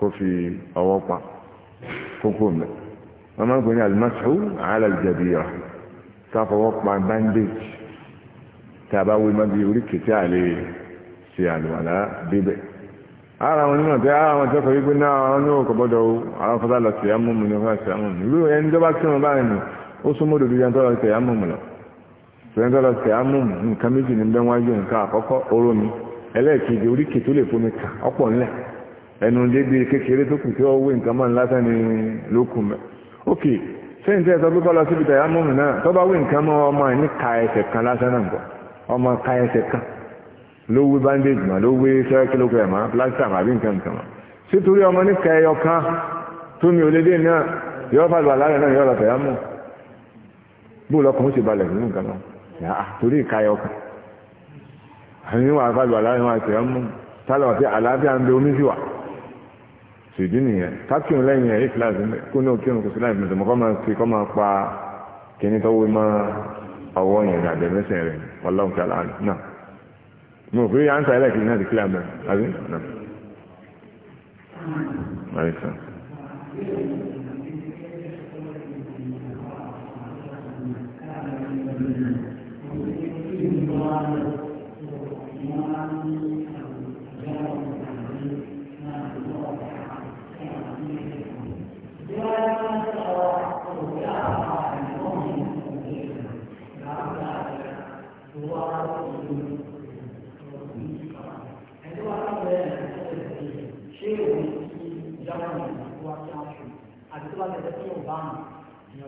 kó fi ọwọ́ pa kókó mẹ́ wọ́n máa ń alàjẹbìyà sáfọwọ́ pa bandage tá a bá wí ṣe àlùwàlá ara wọn nínú nke ara wọn tẹ́kọ̀ọ́ wípé náà wọn ní òkò gbọ́dọ̀ o àwọn fọdá lọ sí amúmu ní sí amúmu ìlú ẹni tó bá wọn báyìí nù ó dòdò yẹn tó lọ sí amúmu lọ tó lọ sí amúmu nǹkan méjì ní ẹnu débi kékeré tó kù tí ó wé nǹkan máa ń lásán ní lókùn mẹ́ ok sẹ́yìn tí ẹ sọ pé kọ́ lọ síbi tàyà mọ́mù náà tó bá wé nǹkan mọ́ ọmọ ẹ̀ ní ka ẹsẹ̀ kan lásán náà nǹkan ọmọ ka ẹsẹ̀ kan ló wé bandage mà ló wé sẹ́kìlógún ẹ̀ mà plaster mà àbí nǹkan nǹkan mà sítorí ọmọ ní ka ẹyọ kan tó mi ò lé náà yọ fàlùwà lálẹ́ náà yọ lọ tàyà mọ́ bó lọkùnrin sì balẹ̀ àlàáfíà ń bẹ omi sí wa sìdí nìyẹn kákìrún lẹ́yìn ẹ̀ ìfìlàsì kó ní òkìrún kò sí láì mẹ́tọ̀ mọ́kọ́ máa fi kọ́ máa pa kíní tọ́wọ́ máa ọwọ́ yẹn rẹ̀ àbẹ̀mẹ́sẹ̀ rẹ̀ ọlọ́run kí aláàánú náà mo fi rí àǹtà ẹlẹ́kìnrin náà ti kílẹ̀ àmọ́ àbí náà. Thank you.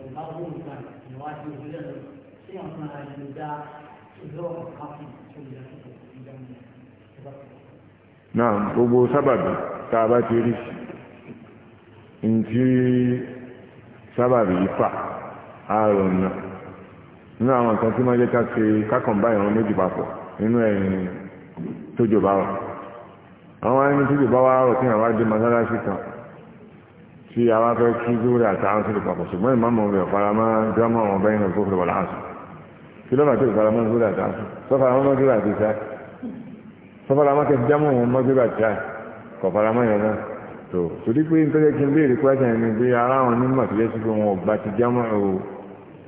èèyàn bá wó nǹkan ìwádìí òṣèlú ẹ̀rọ tí wọ́n fún ara ẹni dá ìlọ́ àpò tó lè dàtúkọ̀ ìdáhùn ẹ̀rọ. náà gbogbo sábàbí tá a bá ti rí ntí sábàbí yìí fà á rọ̀ náà nínú àwọn nǹkan tí máa jẹ́ ká ṣe kákànbá ìran méjì papọ̀ nínú ẹ̀yìn tójò bá wà àwọn ẹni tójò bá wà rọ̀ kí àwọn adé masalasi kan tí a bá fẹ́ kí zúrí àti ánsìlì papọ̀ ṣùgbọ́n ìmáàmù rẹ̀ fara máa dámọ̀ wọn bẹ́yìn lọ́kọ́ fún ìwọ̀lá ánsì kí lọ́nà tó fara máa zúrí àti ánsì sọ́fara máa zúrí àti sáì sọ́fara máa kẹsì dámọ̀ wọn máa zúrí àti sáì kọ̀ fara máa yẹn náà tó torí pé nítorí kí n béèrè pẹ́sẹ̀ ni pé ara wọn ní mọ̀ tó yẹ sí pé wọn ò bá ti dámọ̀ o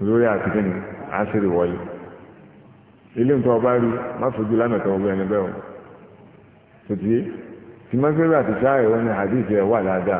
zúrí àti kíni ánsìlì wọlé ilé nǹkan ọba rí má fojú lánàá tó ọgbẹ́ ẹni bẹ́ẹ̀ o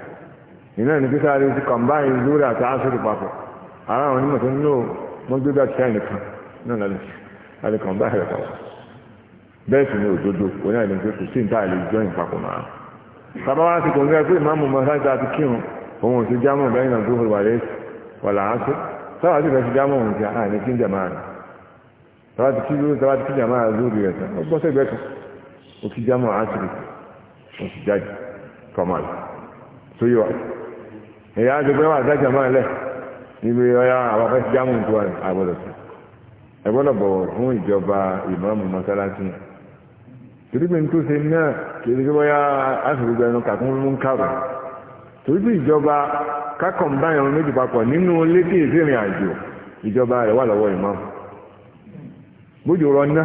ina ní kíkà rí ti kọ̀mbáyìn lórí àti áṣírí papọ̀ ara àwọn onímọ̀ no ń lò wọ́n gbé bá tíṣà nìkan náà lálẹ́ àti kọ̀mbáyìn rẹ̀ papọ̀ bẹ́ẹ̀ sì ni òdodo oní àìlè pé kò sí ní táà lè jọyìn papọ̀ máa bàbá wa ti kò ń gbé pé ìmáàmù mọ́sáàtì àti kírun òun ò sí jámọ̀ bẹ́yìn náà tó wà lẹ́ wà láásù sábà sì fẹ́ sí jámọ̀ òun ti àní ti ti ẹ̀yà á ti pẹ́ wà sájà máa lẹ̀ níbi ọ̀yà àwọn afẹ́ jámù tó wà àgbọ̀dọ̀ sí ẹ gbọ́dọ̀ bọ̀wọ̀ fún ìjọba ìmáàmù mọ́sálásí torí pé nítorí ṣe náà kì í ṣe bóyá àṣìlúgbà ẹnu kàkún ló ń kàrọ̀ torí pé ìjọba kákọ̀ọ́ báyìí ọ̀run méjì papọ̀ nínú létí ìrìn àjò ìjọba rẹ̀ wà lọ́wọ́ ìmáàmù bójú rọ ná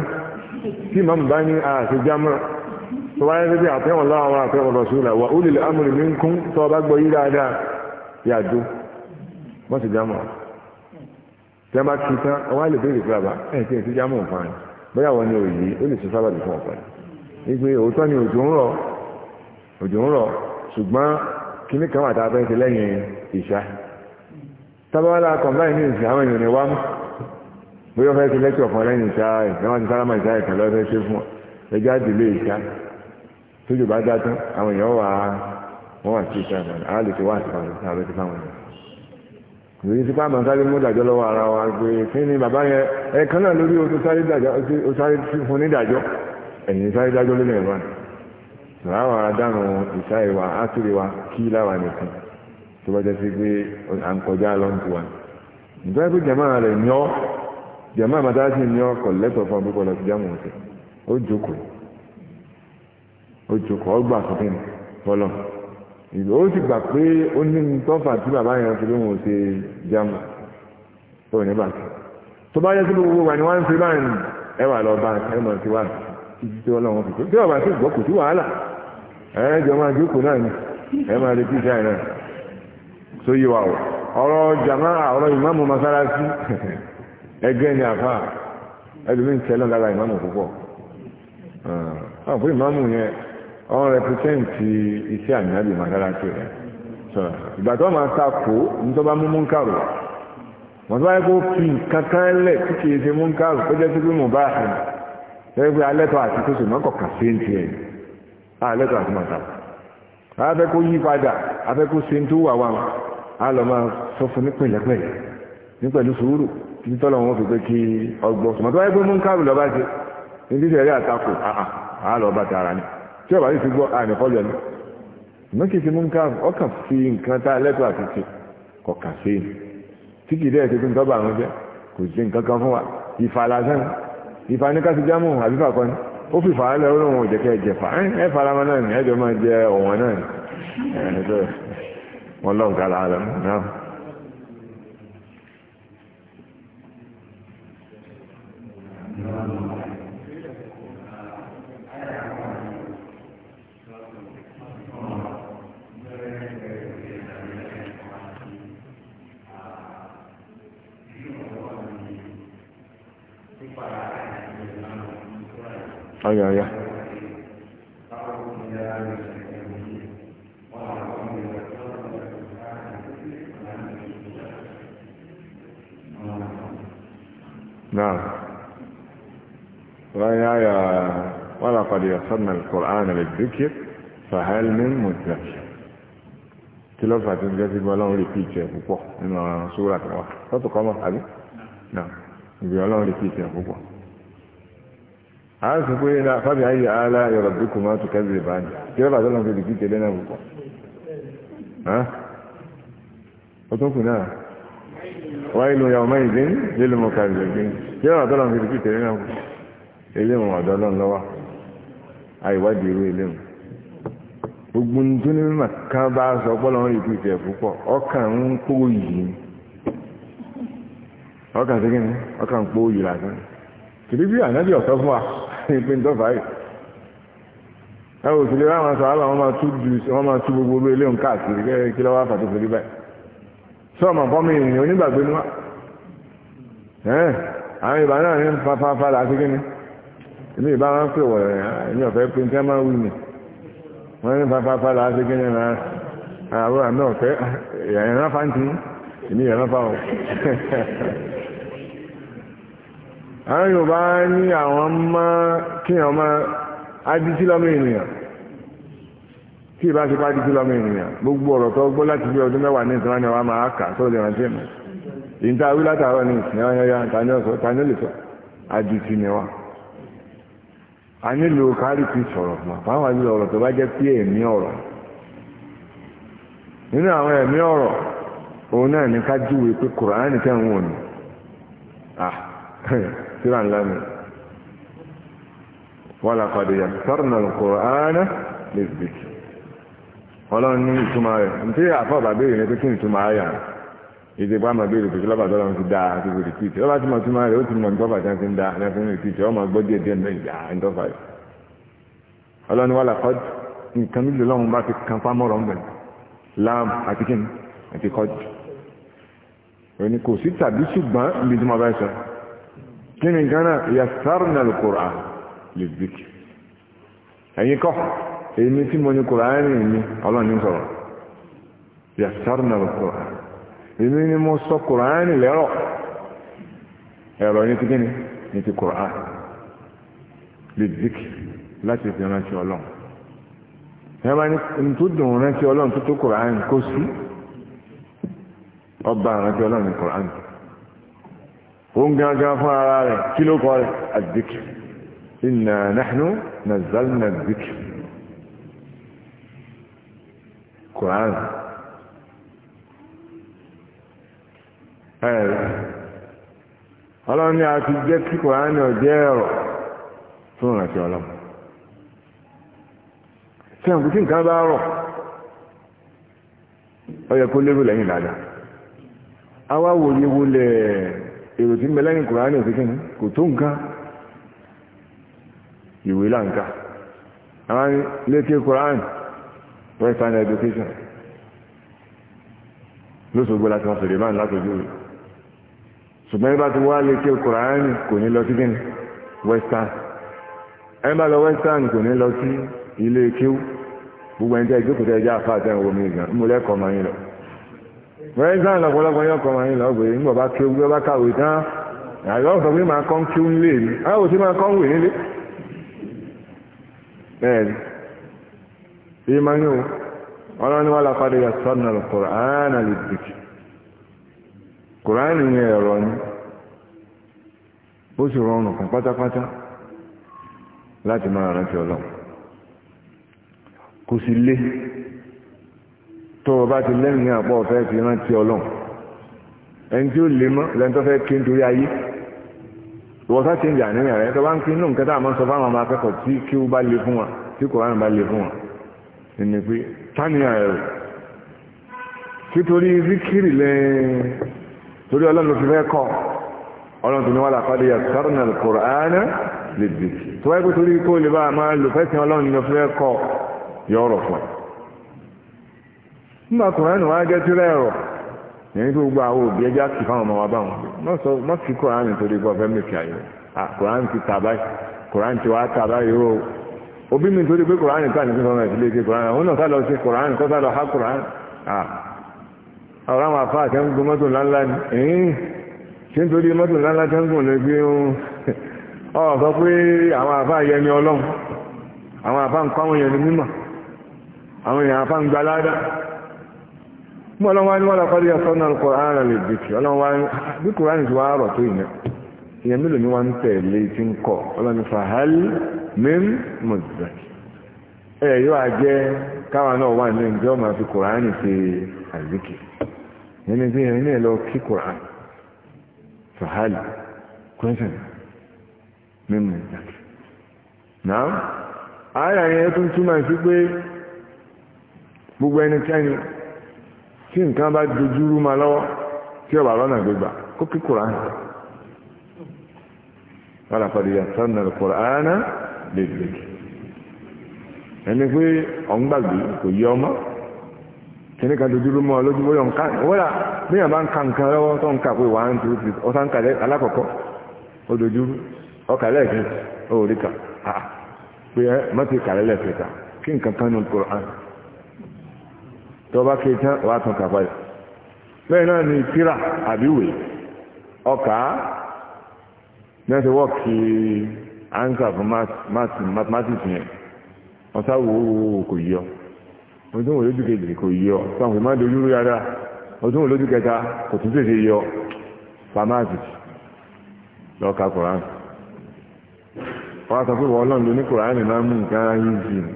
tí ìmáàmù bá ní àṣẹ jámù tó wáyé lórí àtẹ́wọ̀n láwọn àtẹ́wọ̀n rọ̀ yàdó wọ́n sì jámọ̀ tí a bá tu tán àwọn àlè béèrè pé àbá ẹ̀ tí ẹ̀ ti jámọ̀ nǹkan ni bóyá wọn ni òye ó lè sọ sábàbí fún ọ̀pẹ ìgbé òótọ́ ni òjò ń rọ̀ òjò ń rọ̀ ṣùgbọ́n kíní kan wà tá a fẹ́ ṣe lẹ́yìn ìṣá tábàwálà kọ̀ǹbáì ní ìṣá àwọn èèyàn ni wá mú bóyá fẹ́ ṣe lẹ́kọ̀ọ́ kan lẹ́yìn ìṣá ìṣá wọn ti sálámà ìṣá ìkan lọ́ọ́ fẹ́ ṣe fún ọ ẹjọ́ àdìlé ìṣá tójú bá dá tán àwọn èèyàn wà á wọ́n wà sí ìṣẹ́ lè ti wá fáwọn èèyàn sípá sáré mú ìdájọ́ lọ́wọ́ ara wa kí ni bàbá yẹn ẹ kan náà lórí oṣù sáré fún nídàjọ́ ẹ̀yìn sáré dájọ́ lórí ẹ̀rọ àná làwọn adánù ìṣá ìwà átìrì wa kí láwa nìkan tó bá jẹ́ sí pé à ń kọjá wa nígbà pé jẹ̀mọ́ rẹ̀ jẹ̀mọ́ kọ̀ ìlú ó sì gbà pé ó ní tọ́fà tí bàbá yẹn fi lóhùn ṣe jámà tó ní bàtà tó bá yẹ sí gbogbo wà ní wọ́n ń fi báyìí ẹ wà lọ bá ẹ mọ̀ sí wà títí tí ọlọ́run fi tí ọba sì gbọ́ kò sí wàhálà ẹ jọ máa jókòó náà ni ẹ máa retí sáà náà tó yí wa o ọ̀rọ̀ jàmá ọ̀rọ̀ ìmáàmù masalasi ẹgbẹ́ ni àfa ẹlòmíín tẹ́lọ̀ lára ìmáàmù púpọ̀ àwọn fún ìmáàmù yẹn ọ̀n rẹpẹsẹ̀ntì iṣẹ́ ànábì màdárasì rẹ̀ sọ̀rọ̀ ìgbà tó máa ta kó nítorí bá mú múnkàrò wọ́n tó bá yẹ kó fi nǹkan kan lẹ̀ tí kì í ṣe múnkàrò tó jẹ́ sípé mò bá a hàn lẹ́yìn pé alẹ́tọ̀ àti tó sì mọ́ kọ̀ọ̀kan sí ti ẹ̀ alẹ́tọ̀ àti màtà afẹ́ kó yí padà afẹ́ kó ṣe tó wà wà á lọ máa sọ fún ní pẹ̀lẹ́pẹ̀lẹ́ ní pẹ̀lú sùúrù títí wọn fi pé kí ọgbọ́n mọ̀tò wáyé pé múnkàrò lọ́ba ṣe ní títẹ̀rí àtakò àlọ́ bàtà ara ni tí ọ̀bà yìí ti gbọ́ àmì kọjọ ni mọ́kì ti mú ń ká ọkàn sí nǹkan tá lẹ́tọ̀ àti ti kọ̀kà sí i tí kì í dẹ́ ẹ̀sẹ̀ tó ń tọ́ba àwọn jẹ́ kò sí nǹkan kan fún wa ìfà lásán ìfà ní kásí jámù àbí fà kan ó fi fà á lẹ olóhùn òjẹ̀kẹ́ ẹ̀jẹ̀ fà ẹ fara mọ́ náà ni ẹ̀jọ̀ máa jẹ ọ̀wọ́n náà ni wọ́n lọ́n ká la lọ náà. Thank you. حياية نعم رأيها ولقد يصدنا القرآن للذكر فهل من مدفش تلوفة تنجزي بولون لفيتش بقوة إنه سورة واحد فتقوم أحد نعم بولون لفيتش بقوة a sọ pé na fábí ayé ala ya ọmọ ìdí lílo mọ̀ kàrí lẹ́gbẹ́ kí lọ́bàá tó lọ́n fi dìgbì tẹ́lẹ̀ náà púpọ̀ ilé mu ọ̀dọ́ lọ́n lọ́wọ́ àìwádìí irú ilé mu gbogbo ní wọn ọkàn ń kó yìí ọkàn sí ọkàn ń kó yìí kìdí bí fún wa pé ń tọ́fà yìí ẹ ò sì lè ráwọn sọ àbá wọn máa tú ju wọn máa tú gbogbo olú ilé òun káàkiri kẹ́ kí lọ́wọ́ àfàtò fèrè báyìí sọ́ọ̀mù fọ́mù ènìyàn onígbàgbé ni wá àwọn ìbá náà ní fáfáfá láti kí ni ilé ìbá wọn pè wọ̀ ẹ̀yìn ọ̀fẹ́ pé ń tẹ́ máa wù mí wọ́n ní fáfáfá láti kí ni náà àwọn àmì ọ̀fẹ́ ìyàrá fáńtì ìní ìyàrá fáwọn. àwọn yorùbá ní àwọn mọ́ kí wọ́n mọ́ adití ènìyàn tí ìbá ṣe bá adití ènìyàn gbogbo ọ̀rọ̀ tó gbọ́ láti bí ọdún mẹ́wàá ní ìtura ni wọ́n máa kà lè rántí ẹ̀mọ́ a látàárọ̀ ní ìsìn nínú àwọn ẹ̀mí ọ̀rọ̀ òun náà ní ká júwe pé síra ńlá mi wọ́n làkàdé yà sọ́rọ̀nà kòránà lè zikì ọlọ́run ní ìtumọ̀ rẹ̀ nítorí àfọ́ bàbá èrè ní pé kí ni ìtumọ̀ ayà ìdè bá máa béèrè pèsè lọ́bàá tọ́lọ́run ti dáa àti ìwé rìpíìtì lọ́bàá tí mo ti máa rẹ̀ ó ti mọ̀ nítorí àti ń dáa láti ń rìpíìtì ọmọ gbọ́ díẹ̀ díẹ̀ náà ìyá nítorí rẹ̀ ọlọ́run wà làkọ́d nǹkan nílò lọ́run bá ti kan fámọ́rọ̀ ń bẹ̀ àti kíni àti kọ́d òní kò sí tàbí ṣùgbọ́n ibi tí mo bá sọ kí ni nǹkan náà yasarna al-Qur'an lizikr ẹ̀yin kọ́ èmi tí mo ní kùránì mi ọlọ́ni sọ̀rọ̀ yasarna al-Qur'an èmi ni mo sọ kùránì lẹ́rọ̀ ẹ̀rọ ní ti kí ni ní ti kùránì lizikr láti fi rántí ọlọ́run ẹ máa ní tó dùn rántí ọlọ́run tó tó kùránì kó sí ọba rántí ọlọ́run ní kùránì òun gangan fún ara rẹ̀ kí ló kọ́ rẹ̀ àdìkì inna nahnu nazzalna àdìkì Quran ẹ̀rẹ̀ ọlọ́run ni a ti jẹ́ kí Quran ọ̀jẹ́ ọ̀rọ̀ fún ìrántí ọlọ́run tí àwọn kìí nǹkan bá rọ̀ ọ yẹ kó lérò lẹ́yìn dáadáa awáwo yíwo lẹ́ẹ̀ èrò tí ń bẹ lẹ́yìn kùránì òfin kìíní kò tó nǹkan ìwé láǹkà àwọn lékè kùránì western education lóṣogbo láti wọn sọ̀rọ̀ ìbáni látọ̀jú rẹ̀ ṣùgbọ́n ibà tí wọ́n á lékè kùránì kò ní lọ sí kìíní western ẹ̀ ń bá lọ western kò ní lọ sí ilé kéwú gbogbo ẹni tẹ́ ìjókòó tẹ́ ẹjá àfáà tẹ́ ìwọ̀n mi ìgbà ń mú lẹ́kọ̀ọ́ máa ń lọ. bẹ́ẹ̀ sáà lọ́pọ̀lọpọ̀ yóò kọ́ wọn lọ gbé ńgbọ̀ bá kí ó bá kàwé tán àyọ̀ sọ pé máa kọ́ kí ń lè ní àwọn òsì máa kọ́ ń wè nílé bẹ́ẹ̀ ni èyí máa ń yóò ọlọ́run ni wọ́n la padà yà àlè dìkì ni ẹ̀rọ ni ó sì rọrùn kan pátápátá tó o bá ti lẹ́nu ní àpọ̀ ọ̀fẹ́ ti rántí ọlọ́run ẹni tí ó lè mọ́ lẹ́ni tó fẹ́ kí nítorí ayé ìwọ sá ti ń jà níyàn rẹ tó bá ń kí inú nǹkan tá a máa ń sọ fáwọn ọmọ akẹ́kọ̀ọ́ tí kí ó bá le fún wa tí kòrán bá le fún wa ẹni pé táníyàn rẹ rò títorí zikiri lẹ́yìn torí ọlọ́run ló fẹ́ kọ́ ọlọ́run tó ní wà lápá lè yàtọ̀ náà lè dì tó ọ̀rọ̀ fún nígbà kùránì wá jẹ́ tíra ẹ̀rọ èyí tó gba àwọn òbí ẹjá kì fáwọn ọmọ wa báwọn mọ́sọ mọ́sí kùránì tó dé gbọ́fẹ́ mẹ́fì ayé kùránì ti tà báyìí kùránì ti wá tà báyìí o òbí mi torí pé kùránì tà ní fífọ́ náà ìdílé ké kùránì òun náà sá lọ sí kùránì kó sá lọ há kùránì ọ̀rọ̀ àwọn afá àti ẹ̀ńgùn mọ́tò ńláńlá ni ẹ̀yìn ṣé nítorí mọ́tò ńláńlá tẹ́ ń gùn lè gbé ọ sọ pé àwọn afá yẹni ọlọ́run àwọn afá ń kọ́ àwọn yẹni mímọ̀ mọ́ ọlọ́wọ́ ni wọ́n lọ́kọ́dé ọ̀sán náà kọ́ránà lè dìkì ọlọ́wọ́ bí kọ́ránì ti wá rọ̀ tó ìyẹn ìyẹn mélòó ni wọ́n ń tẹ̀lé tí ń kọ́ ọlọ́ni fahal mim muzaki ẹ yóò àjẹ́ káwọn náà wà ní ìjọ máa fi kọ́ránì ṣe àzíkì ẹni tí ẹni náà lọ kí kọ́ránì fahal kwẹ́sàn mim muzaki náà ààrẹ yẹn tó ń túmọ̀ sí pé gbogbo ẹnikẹ́ni tí nǹkan bá dojúrú ma lọ́wọ́ tí ọba lọ́nà gbégbà kó kí kùrán wàlá pàdé yàtọ̀ nà kùrán lè gbèdè ẹni pé ọ̀ngbàgbé kò yí ọmọ kìíní kan dojúrú mọ́ lójú bóyá nǹka wọ́là bí yàn bá ń ka nǹkan lọ́wọ́ tó ń kà pé one two three ọ̀sán ń kàlẹ́ alákọ̀ọ́kọ́ ó dojúrú ọkà lẹ́ẹ̀kẹ́ ó rí kà pé mọ́tì kàlẹ́ lẹ́ẹ̀kẹ́ kà kí nǹkan kan nù kùrán. tó bá ké tán wàá tún kà padà bẹ́ẹ̀ náà ni tíra àbíwèé ọkà náà ansa fún mathematics yẹn wọ́n sá kò yí ọ wọ́n tún wò lójú kò yí ọ sáwọn wọ́n kò tún tètè yí ọ pharmacy lọ́ọ̀ka koran wọ́n á sọ pé wọ́n ní mú nǹkan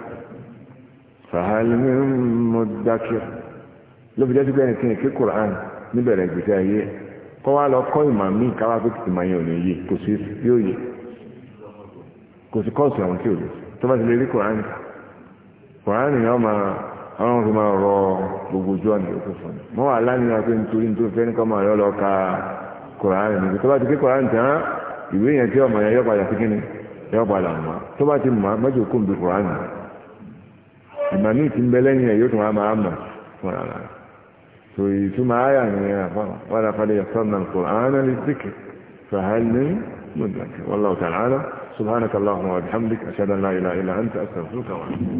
fàhálùmí mọ́dákìr ló fi jẹ́sí pé ẹni kíni kí kùrán níbẹ̀rẹ̀ lọ kọ́ ìmọ̀ mí káwá pé kìtì máa yẹn ò ní yé kò sí yóò yé kò sí kọ́ọ̀sì àwọn tí ò lè tó bá ti lè rí kùrán kà kùrán nìyẹn máa àwọn ọmọ máa rọ gbogbo ojú ìmàmí ti ń bẹ lẹ́yìn ẹ̀ yóò tún wá máa mà fún ara rẹ̀ tó yìí máa yà ni ẹ̀ wàdà fàdé yasọ́nà kòránà lè síkì fàhálì mùdàkì wàlláhu tààlà subhanaka allahumma wa bihamdika ashhadu an la ilaha illa anta astaghfiruka wa atubu